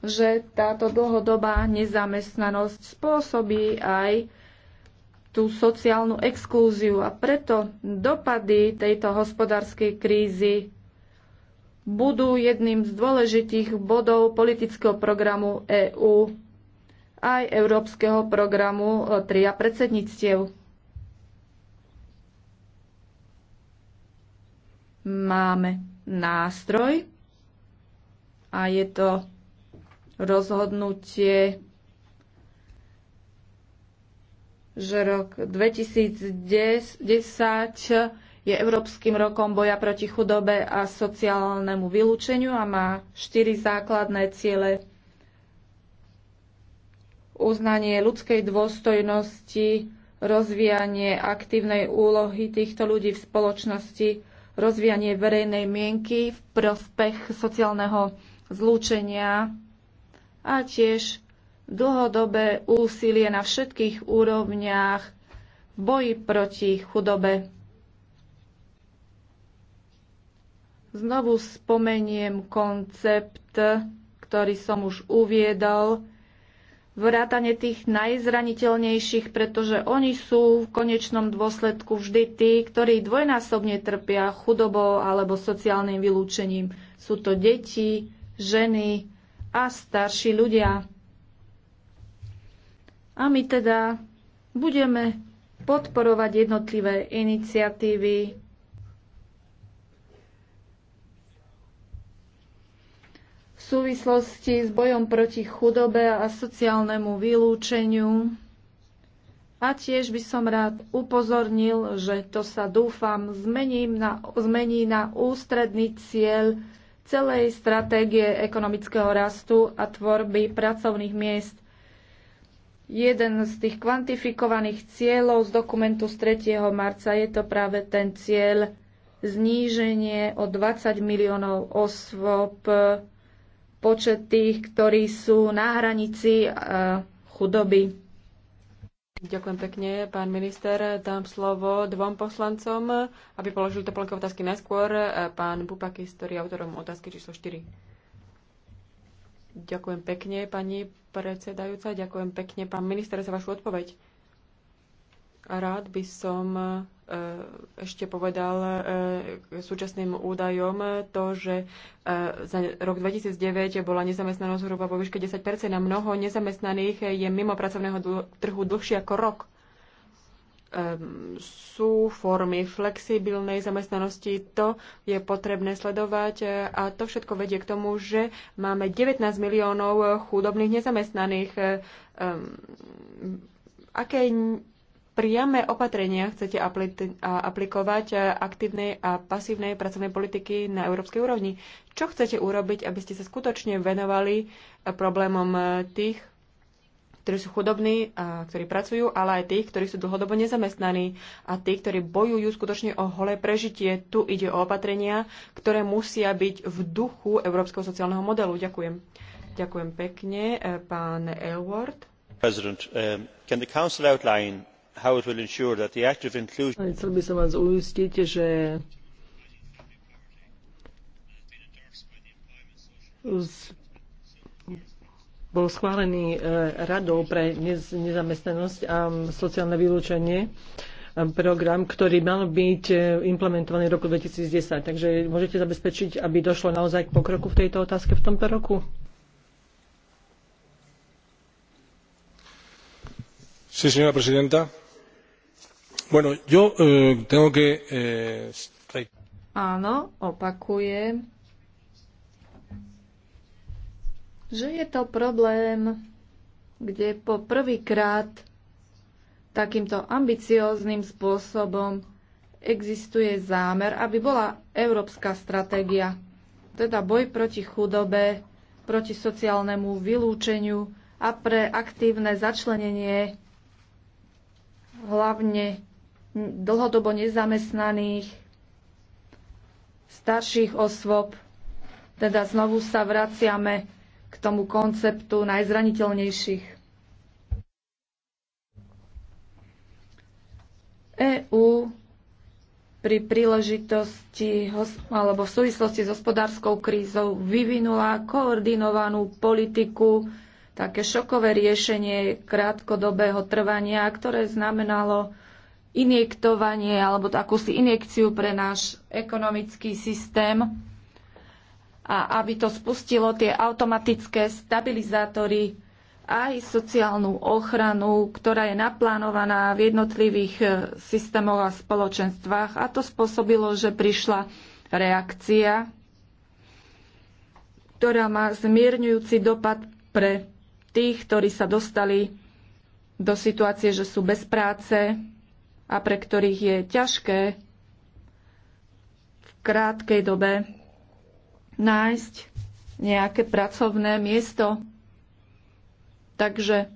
že táto dlhodobá nezamestnanosť spôsobí aj tú sociálnu exklúziu a preto dopady tejto hospodárskej krízy budú jedným z dôležitých bodov politického programu EÚ aj Európskeho programu tria predsedníctiev. máme nástroj a je to rozhodnutie, že rok 2010 je Európskym rokom boja proti chudobe a sociálnemu vylúčeniu a má štyri základné ciele. Uznanie ľudskej dôstojnosti, rozvíjanie aktívnej úlohy týchto ľudí v spoločnosti, rozvíjanie verejnej mienky v prospech sociálneho zlúčenia a tiež dlhodobé úsilie na všetkých úrovniach v boji proti chudobe. Znovu spomeniem koncept, ktorý som už uviedol, vrátane tých najzraniteľnejších, pretože oni sú v konečnom dôsledku vždy tí, ktorí dvojnásobne trpia chudobou alebo sociálnym vylúčením. Sú to deti, ženy a starší ľudia. A my teda budeme podporovať jednotlivé iniciatívy súvislosti s bojom proti chudobe a sociálnemu vylúčeniu. A tiež by som rád upozornil, že to sa dúfam na, zmení na ústredný cieľ celej stratégie ekonomického rastu a tvorby pracovných miest. Jeden z tých kvantifikovaných cieľov z dokumentu z 3. marca je to práve ten cieľ zníženie o 20 miliónov osôb počet tých, ktorí sú na hranici e, chudoby. Ďakujem pekne, pán minister. Dám slovo dvom poslancom, aby položili doplnkové otázky najskôr. E, pán Bupakis, ktorý je autorom otázky číslo 4. Ďakujem pekne, pani predsedajúca. Ďakujem pekne, pán minister, za vašu odpoveď. A rád by som e, ešte povedal e, k súčasným údajom to, že e, za rok 2009 bola nezamestnanosť zhruba vo výške 10 a mnoho nezamestnaných je mimo pracovného trhu dlhšie ako rok. Ehm, sú formy flexibilnej zamestnanosti, to je potrebné sledovať a to všetko vedie k tomu, že máme 19 miliónov chudobných nezamestnaných. Ehm, aké priame opatrenia chcete aplikovať e, aktívnej a pasívnej pracovnej politiky na európskej úrovni? Čo chcete urobiť, aby ste sa skutočne venovali e, problémom e, tých, ktorí sú chudobní, a ktorí pracujú, ale aj tých, ktorí sú dlhodobo nezamestnaní a tí, ktorí bojujú skutočne o holé prežitie. Tu ide o opatrenia, ktoré musia byť v duchu európskeho sociálneho modelu. Ďakujem. Ďakujem pekne, pán Elward. President, um, can the council outline how it will ensure that the inclusion Chcel by som vás uistiť, že bol schválený e, radou pre nezamestnanosť a sociálne vylúčenie e, program, ktorý mal byť e, implementovaný v roku 2010. Takže môžete zabezpečiť, aby došlo naozaj k pokroku v tejto otázke v tomto roku? Sí, señora presidenta. Eh, eh, Áno, opakujem, že je to problém, kde po prvýkrát takýmto ambicióznym spôsobom existuje zámer, aby bola európska stratégia, teda boj proti chudobe, proti sociálnemu vylúčeniu a pre aktívne začlenenie hlavne dlhodobo nezamestnaných, starších osôb. Teda znovu sa vraciame k tomu konceptu najzraniteľnejších. EÚ pri príležitosti alebo v súvislosti s hospodárskou krízou vyvinula koordinovanú politiku, také šokové riešenie krátkodobého trvania, ktoré znamenalo injektovanie alebo akúsi injekciu pre náš ekonomický systém a aby to spustilo tie automatické stabilizátory aj sociálnu ochranu, ktorá je naplánovaná v jednotlivých e, systémoch a spoločenstvách. A to spôsobilo, že prišla reakcia, ktorá má zmierňujúci dopad pre tých, ktorí sa dostali do situácie, že sú bez práce, a pre ktorých je ťažké v krátkej dobe nájsť nejaké pracovné miesto. Takže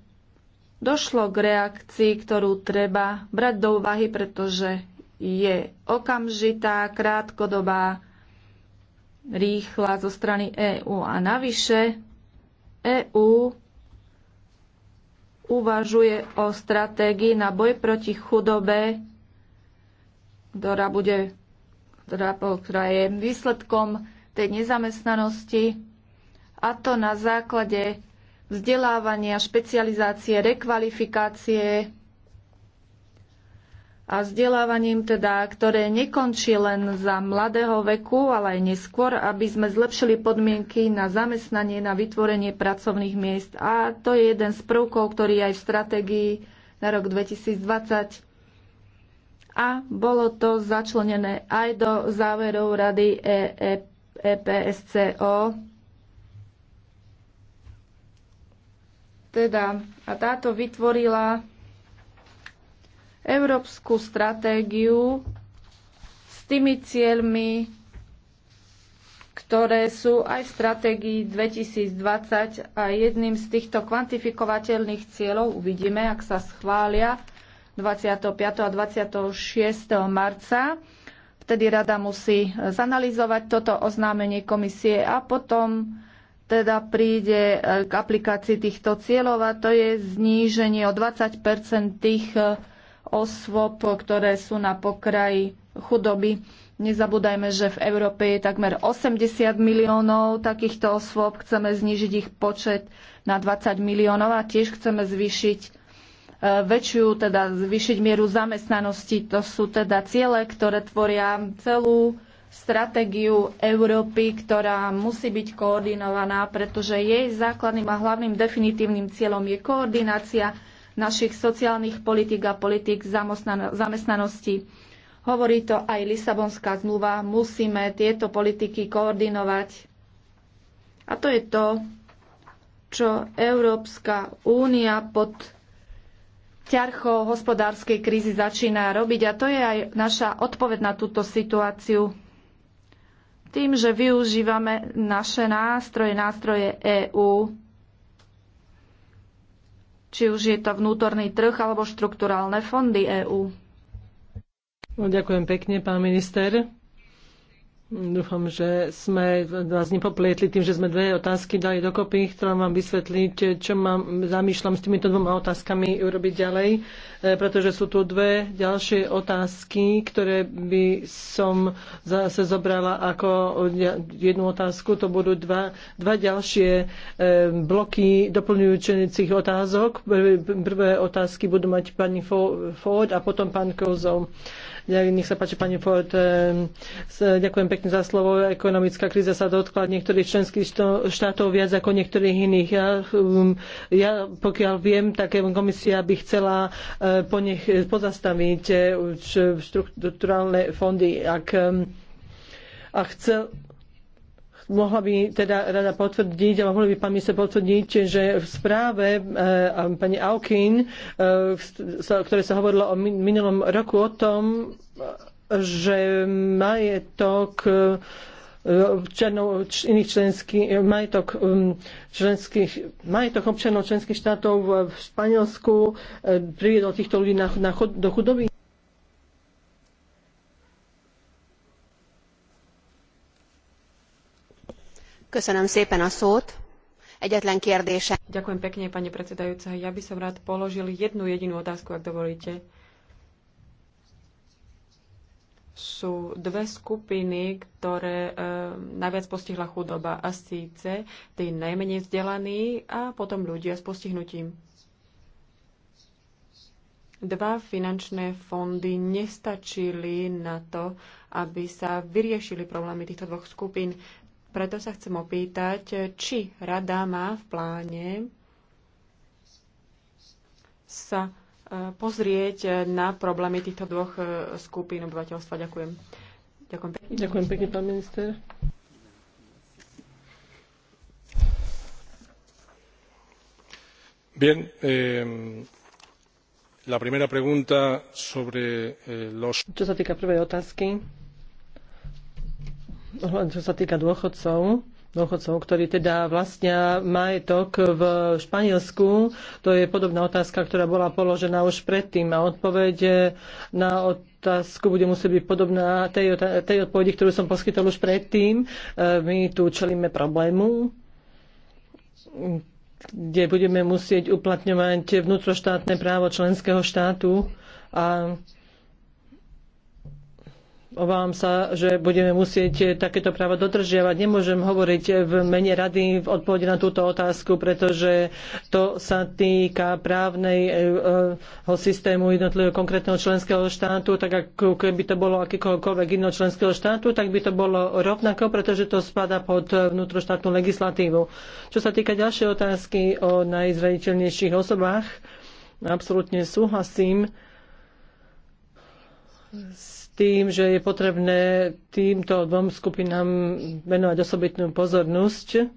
došlo k reakcii, ktorú treba brať do úvahy, pretože je okamžitá, krátkodobá, rýchla zo strany EÚ. A navyše EÚ uvažuje o stratégii na boj proti chudobe, ktorá, bude, ktorá, ktorá je výsledkom tej nezamestnanosti, a to na základe vzdelávania, špecializácie, rekvalifikácie a vzdelávaním teda, ktoré nekončí len za mladého veku, ale aj neskôr, aby sme zlepšili podmienky na zamestnanie, na vytvorenie pracovných miest. A to je jeden z prvkov, ktorý je aj v stratégii na rok 2020. A bolo to začlenené aj do záverov Rady EPSCO. E teda, a táto vytvorila európsku stratégiu s tými cieľmi, ktoré sú aj v stratégii 2020 a jedným z týchto kvantifikovateľných cieľov uvidíme, ak sa schvália 25. a 26. marca. Vtedy rada musí zanalizovať toto oznámenie komisie a potom teda príde eh, k aplikácii týchto cieľov a to je zníženie o 20 tých eh, osôb, ktoré sú na pokraji chudoby. Nezabúdajme, že v Európe je takmer 80 miliónov takýchto osôb. Chceme znižiť ich počet na 20 miliónov a tiež chceme zvýšiť e, väčšiu, teda zvýšiť mieru zamestnanosti. To sú teda ciele, ktoré tvoria celú stratégiu Európy, ktorá musí byť koordinovaná, pretože jej základným a hlavným definitívnym cieľom je koordinácia našich sociálnych politik a politik zamestnanosti. Hovorí to aj Lisabonská zmluva. Musíme tieto politiky koordinovať. A to je to, čo Európska únia pod ťarcho hospodárskej krízy začína robiť. A to je aj naša odpoveď na túto situáciu. Tým, že využívame naše nástroje, nástroje EÚ, či už je to vnútorný trh alebo štrukturálne fondy EÚ. No, ďakujem pekne, pán minister. Dúfam, že sme vás nepoplietli tým, že sme dve otázky dali dokopy. Chcem vám vysvetliť, čo mám, zamýšľam s týmito dvoma otázkami urobiť ďalej. E, pretože sú tu dve ďalšie otázky, ktoré by som zase zobrala ako jednu otázku. To budú dva, dva ďalšie e, bloky doplňujúčených otázok. Prvé otázky budú mať pani Ford a potom pán Kozov. Ja Nech sa páči, pani Ford. E, ďakujem pekne za slovo. Ekonomická kríza sa dotkla niektorých členských štátov viac ako niektorých iných. Ja, um, ja pokiaľ viem, tak komisia by chcela ponech, pozastaviť eh, eh, štruktúrálne fondy. Ak, ehm, chcel, mohla by teda rada potvrdiť, a mohla by pán minister potvrdiť, že v správe e, pani Aukin, e, ktoré sa hovorilo o minulom roku o tom, že majetok e, občanov iných členských, eh, majetok, um, členských, majetok občanov členských štátov v Španielsku eh, priviedol týchto ľudí na, na, do chudoby? Köszönöm szépen a szót. Egyetlen kérdése. Ďakujem pekne, pani predsedajúca. Ja by som rád položil jednu jedinú otázku, ak dovolíte sú dve skupiny, ktoré e, najviac postihla chudoba a síce tí najmenej vzdelaní a potom ľudia s postihnutím. Dva finančné fondy nestačili na to, aby sa vyriešili problémy týchto dvoch skupín. Preto sa chcem opýtať, či rada má v pláne sa pozrieť na problémy týchto dvoch e, skupín obyvateľstva. Ďakujem. Ďakujem pekne. Ďakujem pekne, pán minister. Bien, eh, la primera pregunta sobre eh, los... Čo sa týka prvej otázky, čo sa týka dôchodcov, dôchodcov, ktorí teda vlastnia majetok v Španielsku. To je podobná otázka, ktorá bola položená už predtým a odpoveď na otázku bude musieť byť podobná tej, tej odpovedi, ktorú som poskytol už predtým. My tu čelíme problému kde budeme musieť uplatňovať vnútroštátne právo členského štátu a obávam sa, že budeme musieť takéto práva dodržiavať. Nemôžem hovoriť v mene rady v odpovede na túto otázku, pretože to sa týka právneho e, e, systému jednotlivého konkrétneho členského štátu, tak ako keby to bolo akýkoľvek iného členského štátu, tak by to bolo rovnako, pretože to spada pod vnútroštátnu legislatívu. Čo sa týka ďalšej otázky o najzraditeľnejších osobách, absolútne súhlasím s tým, že je potrebné týmto dvom skupinám venovať osobitnú pozornosť,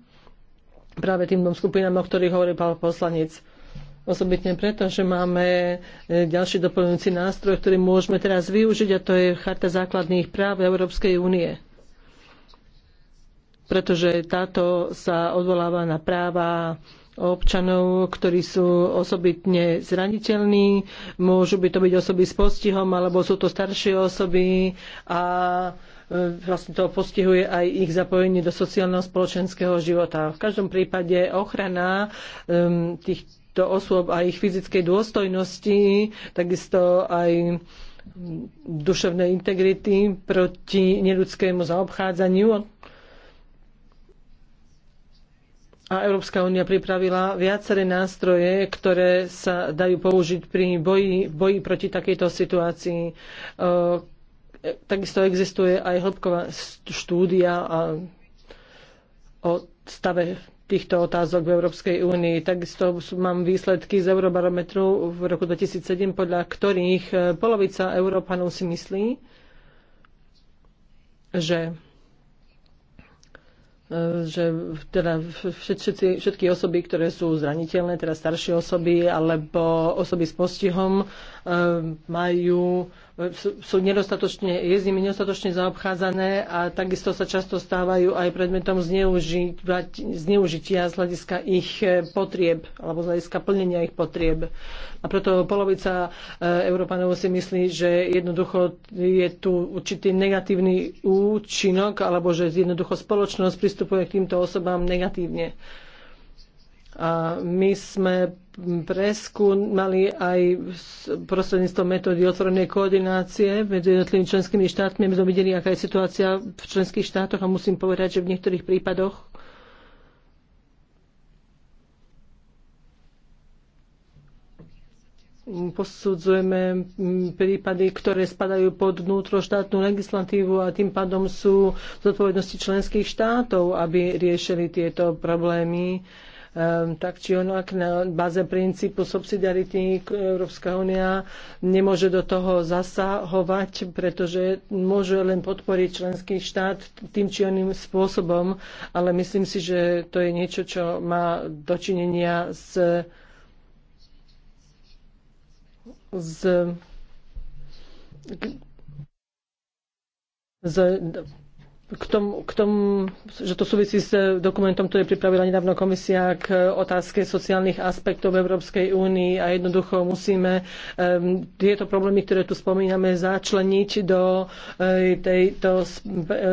práve tým dvom skupinám, o ktorých hovoril pán poslanec. Osobitne preto, že máme e, ďalší doplňujúci nástroj, ktorý môžeme teraz využiť a to je Charta základných práv Európskej únie. Pretože táto sa odvoláva na práva občanov, ktorí sú osobitne zraniteľní. Môžu by to byť osoby s postihom, alebo sú to staršie osoby a e, vlastne to postihuje aj ich zapojenie do sociálneho spoločenského života. V každom prípade ochrana um, týchto osôb a ich fyzickej dôstojnosti, takisto aj duševnej integrity proti neludskému zaobchádzaniu a Európska únia pripravila viaceré nástroje, ktoré sa dajú použiť pri boji, boji proti takejto situácii. E, takisto existuje aj hĺbková štúdia o stave týchto otázok v Európskej únii. Takisto mám výsledky z Eurobarometru v roku 2007, podľa ktorých polovica Európanov si myslí, že že teda všetci, všetky osoby, ktoré sú zraniteľné, teda staršie osoby alebo osoby s postihom, eh, majú sú, nedostatočne, je s nimi nedostatočne zaobchádzané a takisto sa často stávajú aj predmetom zneužívať, zneužitia z hľadiska ich e, potrieb alebo z hľadiska plnenia ich potrieb. A preto polovica e, Európanov si myslí, že jednoducho je tu určitý negatívny účinok alebo že jednoducho spoločnosť pristupuje k týmto osobám negatívne. A my sme preskúmali aj prostredníctvom metódy otvorenej koordinácie medzi jednotlivými členskými štátmi, My sme videli, aká je situácia v členských štátoch a musím povedať, že v niektorých prípadoch posudzujeme prípady, ktoré spadajú pod vnútroštátnu legislatívu a tým pádom sú zodpovednosti členských štátov, aby riešili tieto problémy. Ehm, tak či onak na báze princípu subsidiarity Európska únia nemôže do toho zasahovať, pretože môže len podporiť členský štát tým či oným spôsobom, ale myslím si, že to je niečo, čo má dočinenia s z, z k tomu, k tomu, že to súvisí s eh, dokumentom, ktorý pripravila nedávno komisia k eh, otázke sociálnych aspektov Európskej únii a jednoducho musíme um, tieto problémy, ktoré tu spomíname, začleniť do um, tejto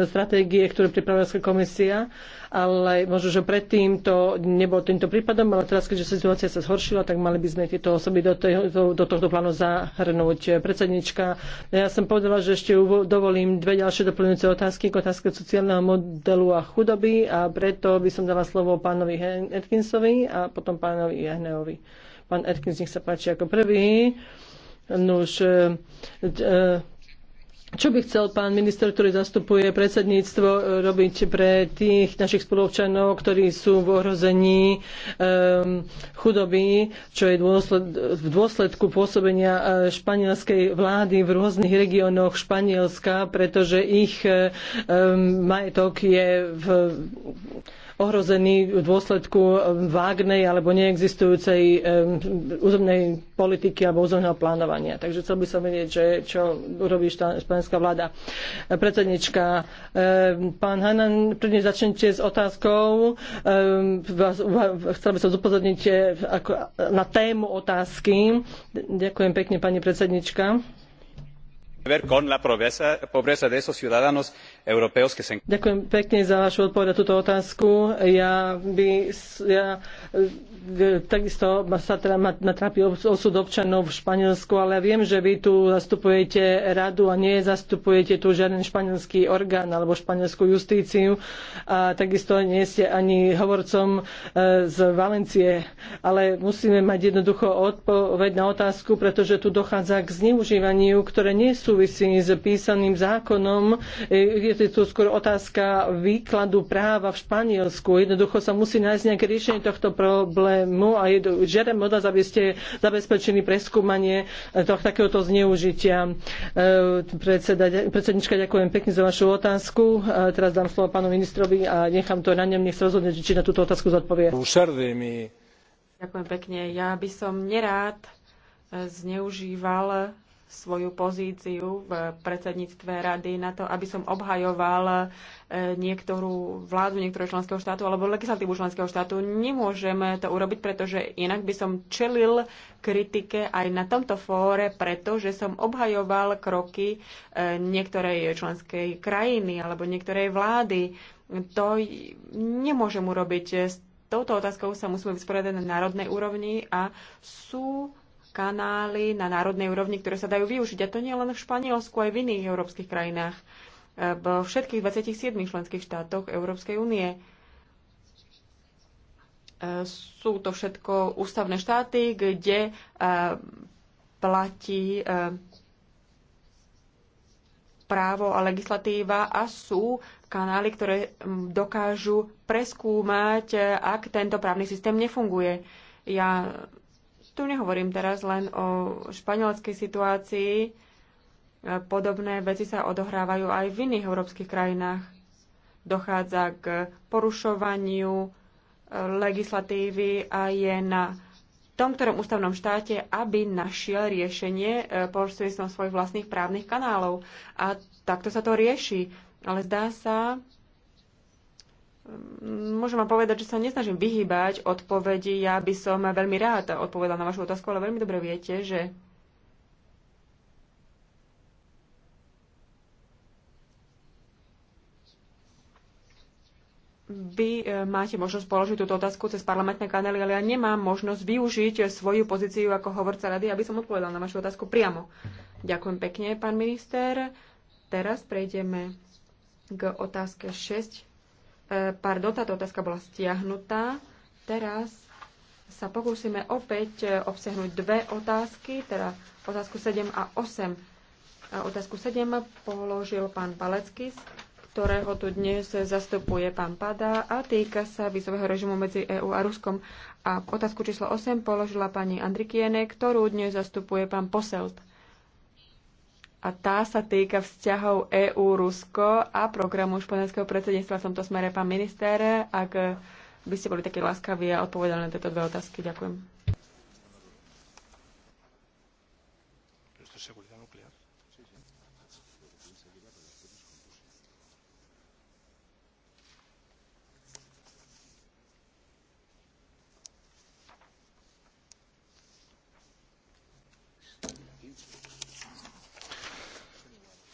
stratégie, ktorú pripravila komisia ale možno, že predtým to nebolo týmto prípadom, ale teraz, keďže situácia sa zhoršila, tak mali by sme tieto osoby do, tej, do, do tohto plánu zahrnúť. Predsednička, ja som povedala, že ešte dovolím dve ďalšie doplňujúce otázky k otázke sociálneho modelu a chudoby a preto by som dala slovo pánovi Atkinsovi a potom pánovi Jehneovi. Pán Atkins, nech sa páči ako prvý. Nuž, no, čo by chcel pán minister, ktorý zastupuje predsedníctvo, e, robiť pre tých našich spolovčanov, ktorí sú v ohrození um, chudoby, čo je dôsled, v dôsledku pôsobenia e, španielskej vlády v rôznych regiónoch Španielska, pretože ich um, majetok je v ohrození v dôsledku eh, vágnej alebo neexistujúcej eh, územnej politiky alebo územného plánovania. Takže chcel by som vedieť, že čo urobí španielská vláda. Eh, predsednička, pán Hanan, prvne začnete s otázkou. Chcel by som upozorniť na tému otázky. Ďakujem pekne, pani predsednička. Ďakujem pekne za vašu odpoveď na túto otázku. Ja by, ja takisto sa teda natrápi osud občanov v Španielsku, ale viem, že vy tu zastupujete radu a nie zastupujete tu žiaden španielský orgán alebo španielskú justíciu a takisto nie ste ani hovorcom e, z Valencie. Ale musíme mať jednoducho odpoveď na otázku, pretože tu dochádza k zneužívaniu, ktoré nie súvisí s písaným zákonom. E, je tu skôr otázka výkladu práva v Španielsku. Jednoducho sa musí nájsť nejaké riešenie tohto problému mu a žiadam od vás, aby ste zabezpečili preskúmanie eh, toho, takéhoto zneužitia. Eh, predseda, predsednička, ďakujem pekne za vašu otázku. Eh, teraz dám slovo pánu ministrovi a nechám to na ňom, nech sa rozhodne, či na túto otázku zodpovie. Ďakujem pekne. Ja by som nerád zneužíval svoju pozíciu v predsedníctve rady na to, aby som obhajoval e, niektorú vládu niektorého členského štátu alebo legislatívu členského štátu. Nemôžeme to urobiť, pretože inak by som čelil kritike aj na tomto fóre, pretože som obhajoval kroky e, niektorej členskej krajiny alebo niektorej vlády. To nemôžem urobiť. S touto otázkou sa musíme vysporiadať na národnej úrovni a sú kanály na národnej úrovni, ktoré sa dajú využiť. A to nie len v Španielsku, aj v iných európskych krajinách, eh, vo všetkých 27 členských štátoch Európskej únie. Eh, sú to všetko ústavné štáty, kde eh, platí právo a legislatíva a sú kanály, ktoré hm, dokážu preskúmať, ak tento právny systém nefunguje. Ja tu nehovorím teraz len o španielskej situácii. Podobné veci sa odohrávajú aj v iných európskych krajinách. Dochádza k porušovaniu e, legislatívy a je na tom, ktorom ústavnom štáte, aby našiel riešenie e, prostredstvom svojich vlastných právnych kanálov. A takto sa to rieši. Ale zdá sa, Ehm, môžem vám povedať, že sa nesnažím vyhýbať odpovedi. Ja by som veľmi rád odpovedala na vašu otázku, ale veľmi dobre viete, že vy e, máte možnosť položiť túto otázku cez parlamentné kanály, ale ja nemám možnosť využiť svoju pozíciu ako hovorca rady, aby som odpovedala na vašu otázku priamo. Ďakujem pekne, pán minister. Teraz prejdeme k otázke 6 Pardon, táto otázka bola stiahnutá. Teraz sa pokúsime opäť e, obsiahnuť dve otázky, teda otázku 7 a 8. A e, otázku 7 položil pán Paleckis, ktorého tu dnes zastupuje pán Pada a týka sa vízového režimu medzi EÚ a Ruskom. A otázku číslo 8 položila pani Andrikiene, ktorú dnes zastupuje pán Poselt a tá sa týka vzťahov EU-Rusko a programu španielského predsedníctva v tomto smere. Pán minister, ak by ste boli takí láskaví a odpovedali na tieto dve otázky. Ďakujem.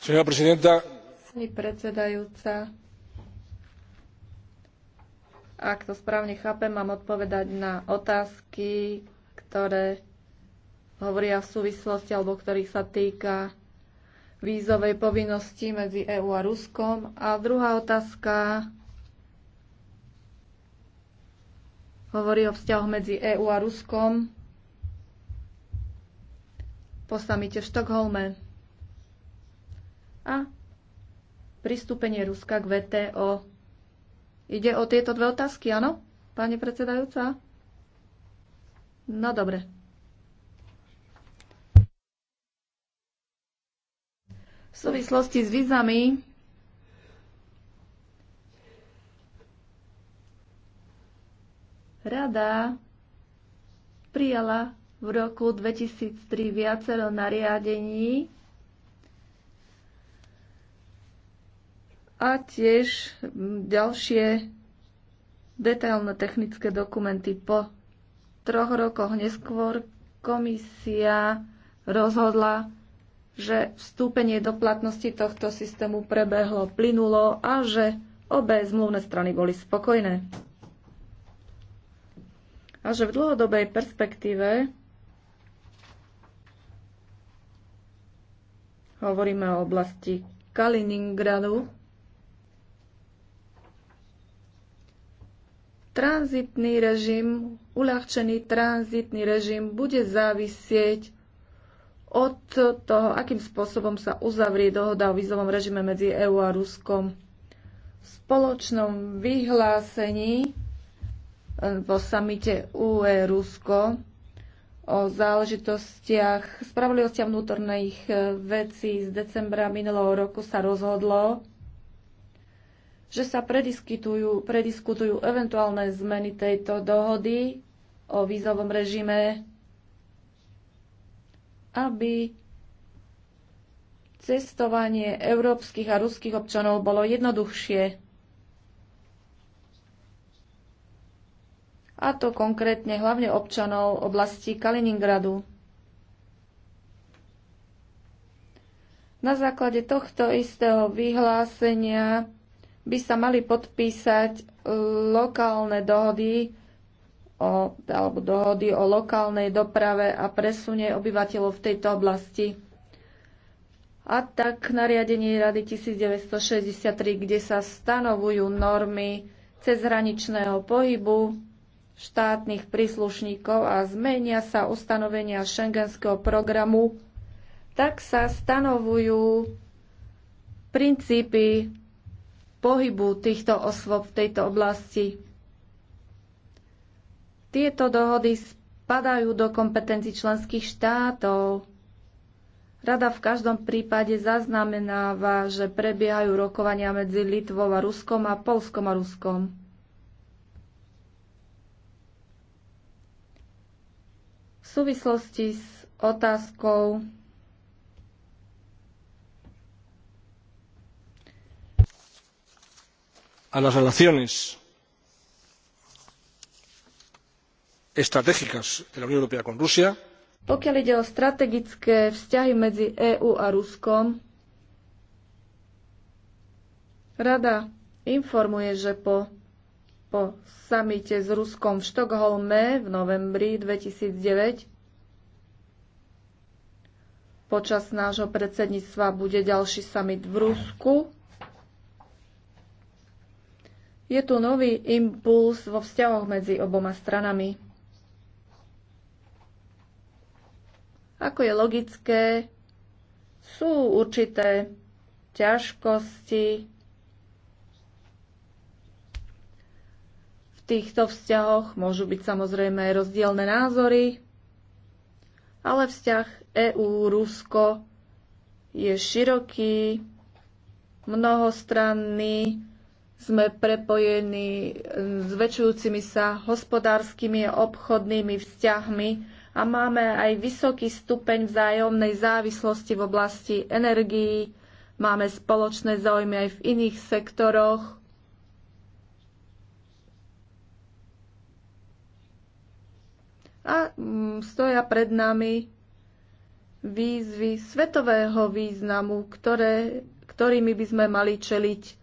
Señora Pani predsedajúca, ak to správne chápem, mám odpovedať na otázky, ktoré hovoria v súvislosti alebo ktorých sa týka vízovej povinnosti medzi EÚ a Ruskom. A druhá otázka hovorí o vzťahoch medzi EÚ a Ruskom po samite v Štokholme a pristúpenie Ruska k VTO. Ide o tieto dve otázky, áno, pani predsedajúca? No dobre. V súvislosti s vízami Rada prijala v roku 2003 viacero nariadení a tiež mm, ďalšie detailné technické dokumenty po troch rokoch neskôr komisia rozhodla, že vstúpenie do platnosti tohto systému prebehlo plynulo a že obe zmluvné strany boli spokojné. A že v dlhodobej perspektíve hovoríme o oblasti Kaliningradu, Tranzitný režim, uľahčený tranzitný režim bude závisieť od toho, akým spôsobom sa uzavrie dohoda o vízovom režime medzi EÚ a Ruskom. V spoločnom vyhlásení e, vo samite UE-Rusko o záležitostiach spravodlivosti vnútorných e, vecí z decembra minulého roku sa rozhodlo, že sa prediskutujú, prediskutujú eventuálne zmeny tejto dohody o vízovom režime, aby cestovanie európskych a ruských občanov bolo jednoduchšie. A to konkrétne hlavne občanov oblasti Kaliningradu. Na základe tohto istého vyhlásenia by sa mali podpísať e, lokálne dohody o, alebo dohody o lokálnej doprave a presune obyvateľov v tejto oblasti. A tak nariadenie Rady 1963, kde sa stanovujú normy cezhraničného pohybu štátnych príslušníkov a zmenia sa ustanovenia šengenského programu, tak sa stanovujú princípy pohybu týchto osôb v tejto oblasti. Tieto dohody spadajú do kompetencií členských štátov. Rada v každom prípade zaznamenáva, že prebiehajú rokovania medzi Litvou a Ruskom a Polskom a Ruskom. V súvislosti s otázkou a las relaciones estratégicas de la Unión Europea con Rusia. Pokiaľ ide o strategické vzťahy medzi EÚ a Ruskom, Rada informuje, že po, po samite s Ruskom v Štokholme v novembri 2009 počas nášho predsedníctva bude ďalší samit v Rusku je tu nový impuls vo vzťahoch medzi oboma stranami. Ako je logické, sú určité ťažkosti v týchto vzťahoch. Môžu byť samozrejme rozdielne názory, ale vzťah EU-Rusko je široký, mnohostranný, sme prepojení e, s väčšujúcimi sa hospodárskymi a obchodnými vzťahmi a máme aj vysoký stupeň vzájomnej závislosti v oblasti energií, máme spoločné záujmy aj v iných sektoroch. A mm, stoja pred nami výzvy svetového významu, ktoré, ktorými by sme mali čeliť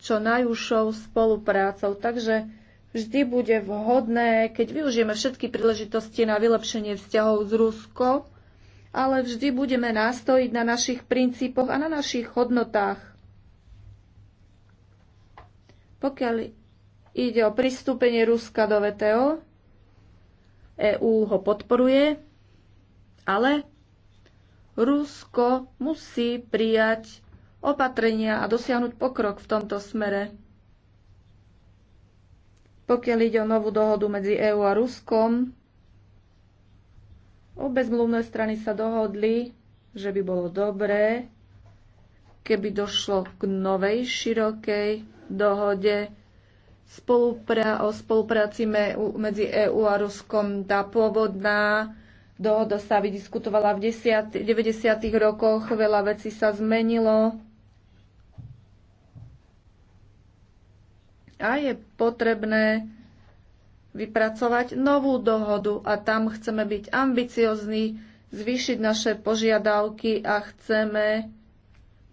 čo najúžšou spoluprácou. Takže vždy bude vhodné, keď využijeme všetky príležitosti na vylepšenie vzťahov s Ruskom, ale vždy budeme nástojiť na našich princípoch a na našich hodnotách. Pokiaľ ide o pristúpenie Ruska do VTO, EÚ ho podporuje, ale Rusko musí prijať opatrenia a dosiahnuť pokrok v tomto smere. Pokiaľ ide o novú dohodu medzi EÚ a Ruskom, obe zmluvné strany sa dohodli, že by bolo dobré, keby došlo k novej širokej dohode spolupra- o spolupráci medzi EÚ a Ruskom. Tá pôvodná dohoda sa vydiskutovala v 90. rokoch, veľa vecí sa zmenilo. a je potrebné vypracovať novú dohodu a tam chceme byť ambiciozní, zvýšiť naše požiadavky a chceme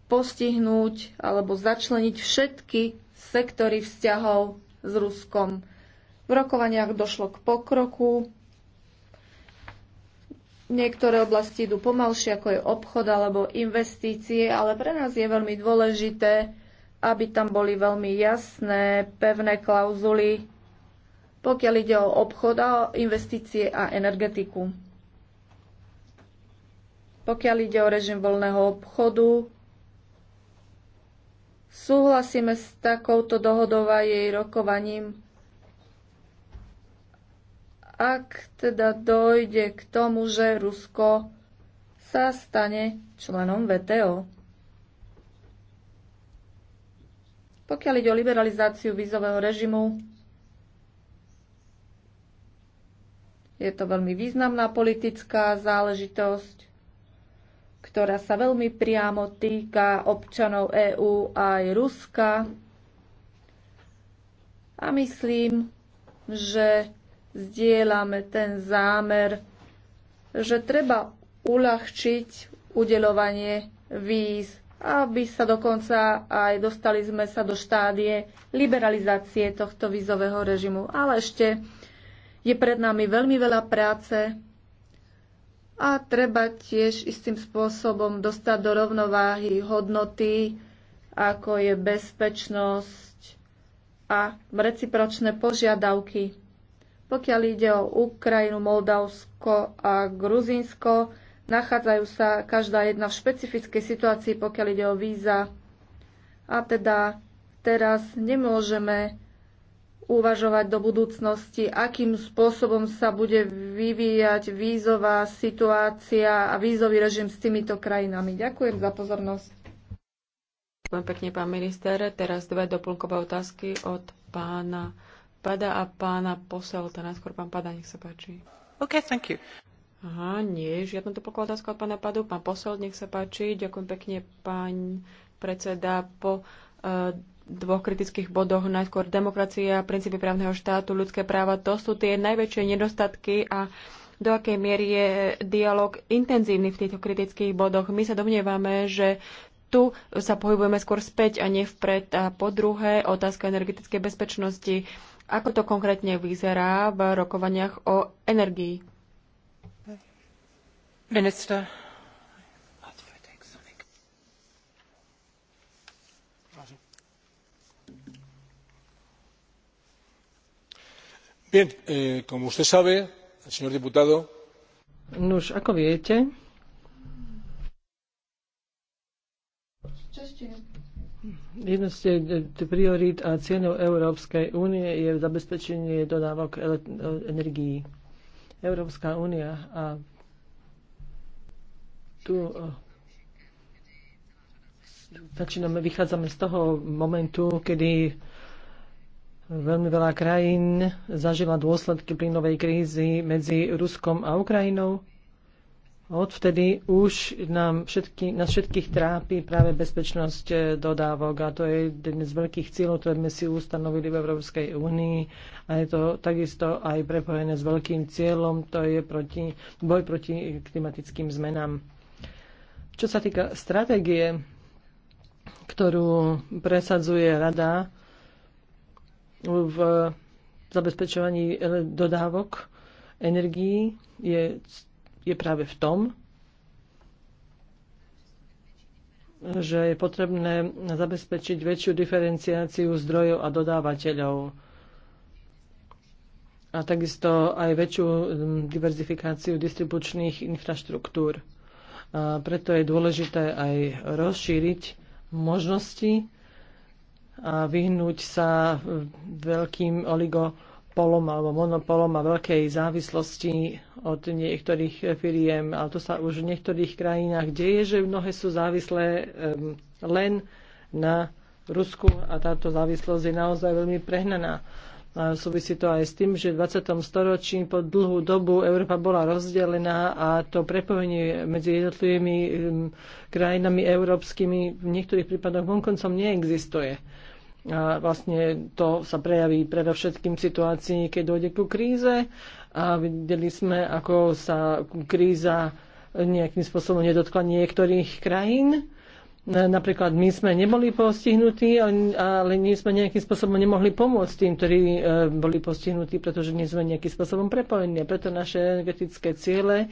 postihnúť alebo začleniť všetky sektory vzťahov s Ruskom. V rokovaniach došlo k pokroku. Niektoré oblasti idú pomalšie, ako je obchod alebo investície, ale pre nás je veľmi dôležité, aby tam boli veľmi jasné, pevné klauzuly, pokiaľ ide o obchod a investície a energetiku. Pokiaľ ide o režim voľného obchodu, súhlasíme s takouto dohodou a jej rokovaním, ak teda dojde k tomu, že Rusko sa stane členom VTO. Pokiaľ ide o liberalizáciu vízového režimu, je to veľmi významná politická záležitosť, ktorá sa veľmi priamo týka občanov EÚ a aj Ruska. A myslím, že zdieľame ten zámer, že treba uľahčiť udelovanie víz aby sa dokonca aj dostali sme sa do štádie liberalizácie tohto vízového režimu. Ale ešte je pred nami veľmi veľa práce a treba tiež istým spôsobom dostať do rovnováhy hodnoty, ako je bezpečnosť a recipročné požiadavky. Pokiaľ ide o Ukrajinu, Moldavsko a Gruzinsko, Nachádzajú sa každá jedna v špecifickej situácii, pokiaľ ide o víza. A teda teraz nemôžeme uvažovať do budúcnosti, akým spôsobom sa bude vyvíjať vízová situácia a vízový režim s týmito krajinami. Ďakujem za pozornosť. Ďakujem pekne, pán minister. Teraz dve doplnkové otázky od pána Pada a pána Teraz Najskôr pán Pada, nech sa páči. OK, thank you. Aha, nie, žiadna to pokladáska od pána Padu. Pán posol, nech sa páči. Ďakujem pekne, pán predseda. Po e, dvoch kritických bodoch, najskôr demokracia, princípy právneho štátu, ľudské práva, to sú tie najväčšie nedostatky a do akej miery je dialog intenzívny v týchto kritických bodoch. My sa domnievame, že tu sa pohybujeme skôr späť a nie vpred. A po druhé, otázka energetickej bezpečnosti. Ako to konkrétne vyzerá v rokovaniach o energii? Eh, como usted sabe, señor diputado. Nuž, ako z priorít a cieľov Európskej únie je zabezpečenie dodávok e- energií. Európska únia a tu eh, začíname, vychádzame z toho momentu, kedy veľmi veľa krajín zažila dôsledky plynovej krízy medzi Ruskom a Ukrajinou. Odvtedy už nám všetky, nás všetkých trápi práve bezpečnosť eh, dodávok a to je jeden z veľkých cieľov, ktoré sme si ustanovili v Európskej únii a je to takisto aj prepojené s veľkým cieľom, to je proti, boj proti klimatickým zmenám. Čo sa týka stratégie, ktorú presadzuje rada v zabezpečovaní dodávok energií, je, je práve v tom, že je potrebné zabezpečiť väčšiu diferenciáciu zdrojov a dodávateľov a takisto aj väčšiu mm, diverzifikáciu distribučných infraštruktúr preto je dôležité aj rozšíriť možnosti a vyhnúť sa veľkým oligopolom alebo monopolom a veľkej závislosti od niektorých firiem. Ale to sa už v niektorých krajinách deje, že mnohé sú závislé len na Rusku a táto závislosť je naozaj veľmi prehnaná. A súvisí to aj s tým, že v 20. storočí po dlhú dobu Európa bola rozdelená a to prepojenie medzi jednotlivými um, krajinami európskymi v niektorých prípadoch vonkoncom neexistuje. A vlastne to sa prejaví predovšetkým situácií, situácii, keď dojde ku kríze a videli sme, ako sa kríza nejakým spôsobom nedotkla niektorých krajín Napríklad my sme neboli postihnutí, ale, nie sme nejakým spôsobom nemohli pomôcť tým, ktorí e, boli postihnutí, pretože nie sme nejakým spôsobom prepojení. Preto naše energetické ciele e,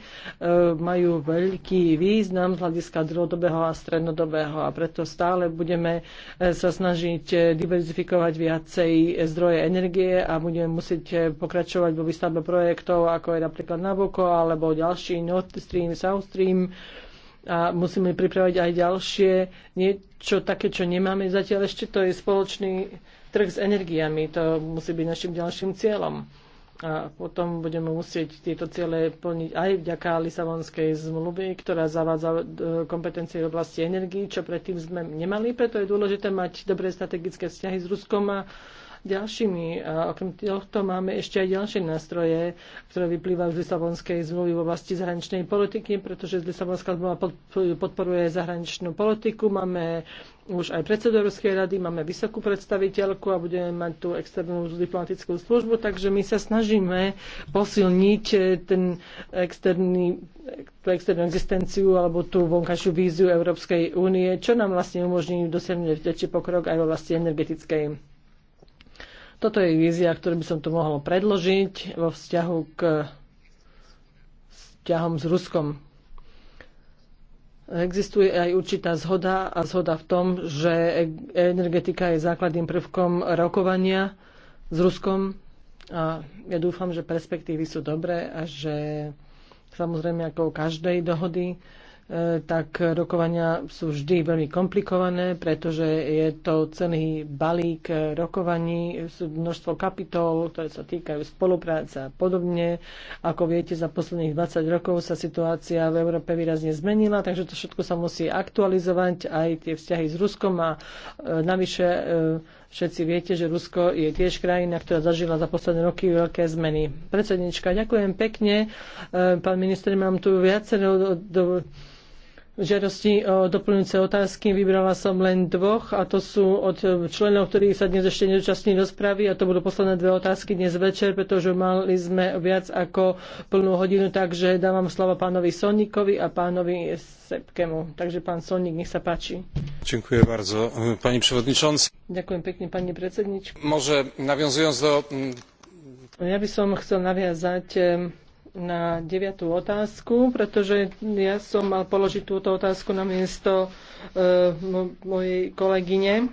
majú veľký význam z hľadiska dlhodobého a strednodobého a preto stále budeme e, sa snažiť diverzifikovať viacej zdroje energie a budeme musieť pokračovať vo výstavbe projektov, ako je napríklad Nabucco alebo ďalší Nord Stream, South Stream a musíme pripraviť aj ďalšie niečo také, čo nemáme zatiaľ ešte, to je spoločný trh s energiami. To musí byť našim ďalším cieľom. A potom budeme musieť tieto ciele plniť aj vďaka Lisabonskej zmluvy, ktorá zavádza e, kompetencie v oblasti energii, čo predtým sme nemali. Preto je dôležité mať dobré strategické vzťahy s Ruskom a Ďalšími, a okrem tohto máme ešte aj ďalšie nástroje, ktoré vyplývajú z Lisabonskej zmluvy v oblasti zahraničnej politiky, pretože Lisabonská zmluva podporuje zahraničnú politiku. Máme už aj predsedu Európskej rady, máme vysokú predstaviteľku a budeme mať tú externú diplomatickú službu, takže my sa snažíme posilniť ten externý, tú externú existenciu alebo tú vonkajšiu víziu Európskej únie, čo nám vlastne umožní dosiahnuť väčší pokrok aj v oblasti energetickej. Toto je vízia, ktorú by som tu mohol predložiť vo vzťahu k vzťahom s Ruskom. Existuje aj určitá zhoda a zhoda v tom, že energetika je základným prvkom rokovania s Ruskom a ja dúfam, že perspektívy sú dobré a že samozrejme ako u každej dohody E, tak rokovania sú vždy veľmi komplikované, pretože je to celý balík rokovaní, sú množstvo kapitol, ktoré sa týkajú spolupráce a podobne. Ako viete, za posledných 20 rokov sa situácia v Európe výrazne zmenila, takže to všetko sa musí aktualizovať, aj tie vzťahy s Ruskom a e, navyše e, Všetci viete, že Rusko je tiež krajina, ktorá zažila za posledné roky veľké zmeny. Predsednička, ďakujem pekne. E, pán minister, mám tu viacero do, do, žiadosti o doplňujúce otázky. Vybrala som len dvoch a to sú od členov, ktorí sa dnes ešte nezúčastní rozpravy a to budú posledné dve otázky dnes večer, pretože mali sme viac ako plnú hodinu, takže dávam slovo pánovi Sonníkovi a pánovi Sepkemu. Takže pán Sonník, nech sa páči. Ďakujem bardzo, pani przewodnicząca. Ďakujem pekne, pani predsednička. Môže, nawiązując do... Ja by som chcel naviazať na deviatú otázku, pretože ja som mal položiť túto otázku na miesto e, mojej kolegyne.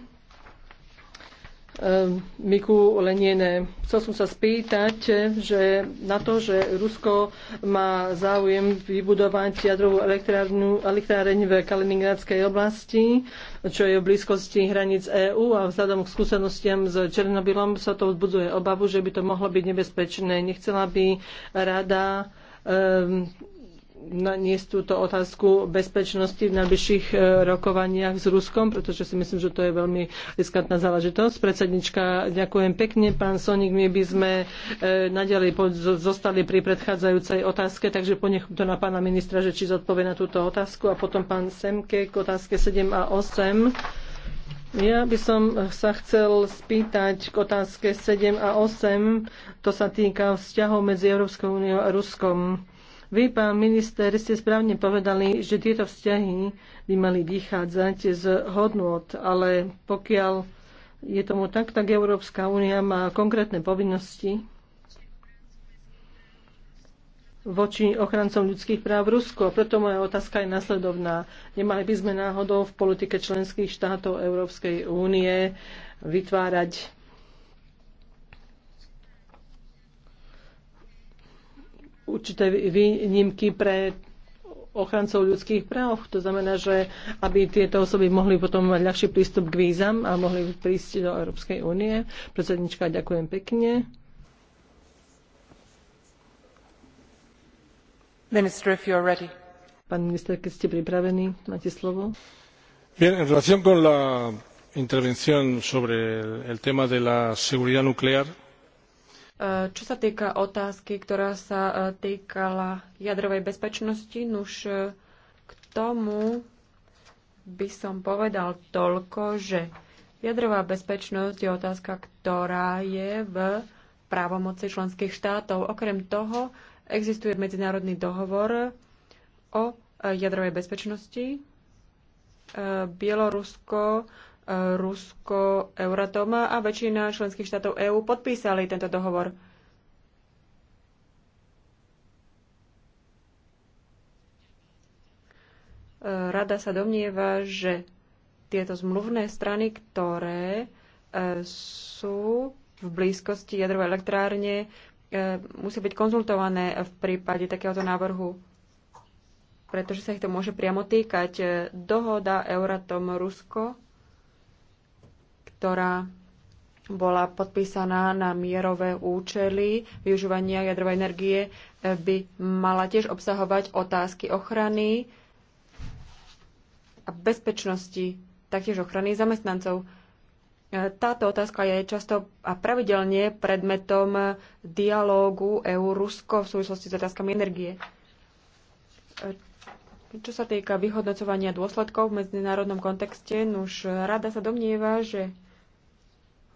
Miku Leniene. Chcel som sa spýtať, že na to, že Rusko má záujem vybudovať jadrovú elektrárnu, elektráreň v Kaliningradskej oblasti, čo je v blízkosti hraníc EÚ a vzhľadom k skúsenostiam s Černobylom sa to vzbudzuje obavu, že by to mohlo byť nebezpečné. Nechcela by rada um, niesť túto otázku bezpečnosti v najbližších e, rokovaniach s Ruskom, pretože si myslím, že to je veľmi riskantná záležitosť. Predsednička, ďakujem pekne. Pán Sonik, my by sme e, naďalej zostali pri predchádzajúcej otázke, takže ponechám to na pána ministra, že či zodpovie na túto otázku a potom pán Semke k otázke 7 a 8. Ja by som sa chcel spýtať k otázke 7 a 8. To sa týka vzťahov medzi Európskou úniou a Ruskom vy, pán minister, ste správne povedali, že tieto vzťahy by mali vychádzať z hodnot, ale pokiaľ je tomu tak, tak Európska únia má konkrétne povinnosti voči ochrancom ľudských práv v Rusku. A preto moja otázka je nasledovná. Nemali by sme náhodou v politike členských štátov Európskej únie vytvárať určité výnimky pre ochrancov ľudských práv. To znamená, že aby tieto osoby mohli potom mať ľahší prístup k vízam a mohli prísť do Európskej únie. Predsednička, ďakujem pekne. Minister, if you're ready. Pán minister, keď ste pripravení, máte slovo. Bien, en relación con la intervención sobre el tema de la seguridad nuclear, Eh, čo sa týka otázky, ktorá sa eh, týkala jadrovej bezpečnosti, nuž eh, k tomu by som povedal toľko, že jadrová bezpečnosť je otázka, ktorá je v právomoci členských štátov. Okrem toho existuje medzinárodný dohovor o jadrovej bezpečnosti. Bielorusko Rusko, Euratom a väčšina členských štátov EÚ podpísali tento dohovor. Rada sa domnieva, že tieto zmluvné strany, ktoré e, sú v blízkosti jadrovej elektrárne, e, musí byť konzultované v prípade takéhoto návrhu pretože sa ich to môže priamo týkať. E, dohoda Euratom Rusko ktorá bola podpísaná na mierové účely využívania jadrovej energie, eh, by mala tiež obsahovať otázky ochrany a bezpečnosti, taktiež ochrany zamestnancov. Eh, táto otázka je často a pravidelne predmetom eh, dialógu EU-Rusko v súvislosti s otázkami energie. Čo sa týka vyhodnocovania dôsledkov v medzinárodnom kontexte, už rada sa domnieva, že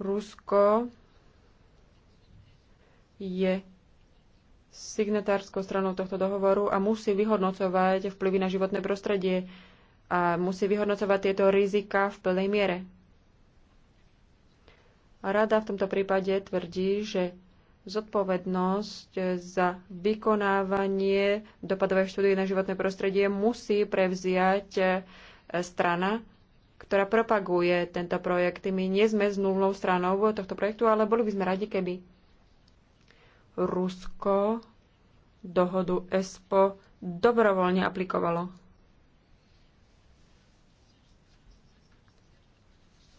Rusko je signatárskou stranou tohto dohovoru a musí vyhodnocovať vplyvy na životné prostredie a musí vyhodnocovať tieto rizika v plnej miere. rada v tomto prípade tvrdí, že zodpovednosť za vykonávanie dopadovej štúdie na životné prostredie musí prevziať strana, ktorá propaguje tento projekt. My nie sme nulnou stranou tohto projektu, ale boli by sme radi, keby Rusko dohodu ESPO dobrovoľne aplikovalo.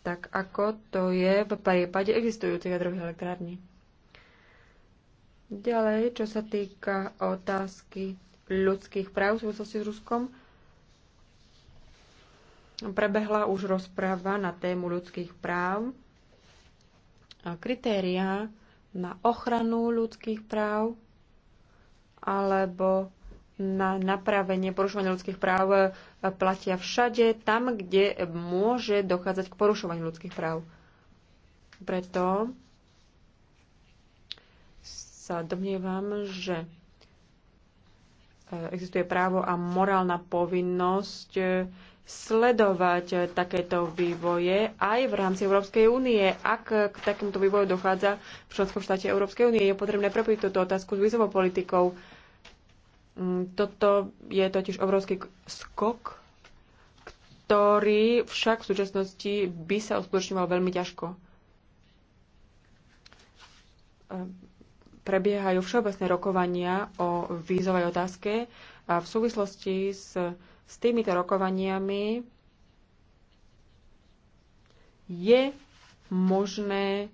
Tak ako to je v prípade existujúcich jadrových elektrární. Ďalej, čo sa týka otázky ľudských práv v súvislosti s Ruskom, Prebehla už rozpráva na tému ľudských práv. Kritériá na ochranu ľudských práv alebo na napravenie porušovania ľudských práv platia všade, tam, kde môže dochádzať k porušovaniu ľudských práv. Preto sa domnievam, že existuje právo a morálna povinnosť sledovať eh, takéto vývoje aj v rámci Európskej únie. Ak k takémuto vývoju dochádza v členskom štáte Európskej únie, je potrebné prepojiť túto otázku s vízovou politikou. Mm, toto je totiž obrovský skok, ktorý však v súčasnosti by sa uskutočňoval veľmi ťažko. Eh, prebiehajú všeobecné rokovania o vízovej otázke a v súvislosti s s týmito rokovaniami je možné um,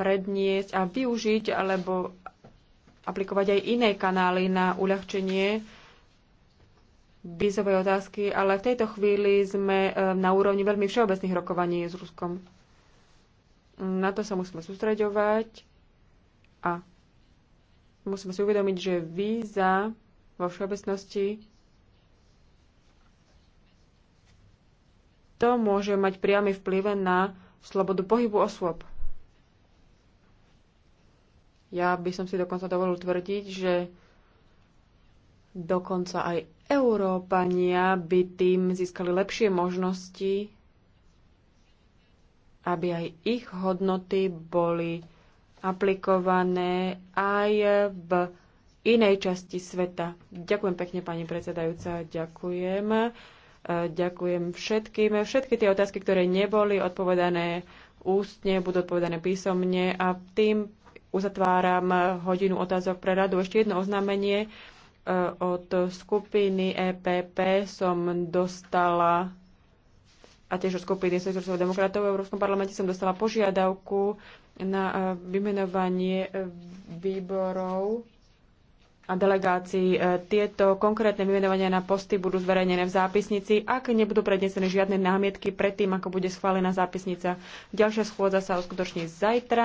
predniesť a využiť alebo aplikovať aj iné kanály na uľahčenie vízovej otázky, ale v tejto chvíli sme um, na úrovni veľmi všeobecných rokovaní s Ruskom. Na to sa musíme sústreďovať a musíme si uvedomiť, že víza vo všeobecnosti To môže mať priamy vplyv na slobodu pohybu osôb. Ja by som si dokonca dovolil tvrdiť, že dokonca aj Európania by tým získali lepšie možnosti, aby aj ich hodnoty boli aplikované aj v inej časti sveta. Ďakujem pekne, pani predsedajúca. Ďakujem. Ďakujem všetkým. Všetky tie otázky, ktoré neboli odpovedané ústne, budú odpovedané písomne a tým uzatváram hodinu otázok pre radu. Ešte jedno oznámenie e, od skupiny EPP som dostala a tiež od skupiny sektorov demokratov v Európskom parlamente som dostala požiadavku na e, vymenovanie e, výborov a delegácií. E, tieto konkrétne vymenovania na posty budú zverejnené v zápisnici, ak nebudú prednesené žiadne námietky predtým, ako bude schválená zápisnica. Ďalšia schôdza sa uskutoční zajtra.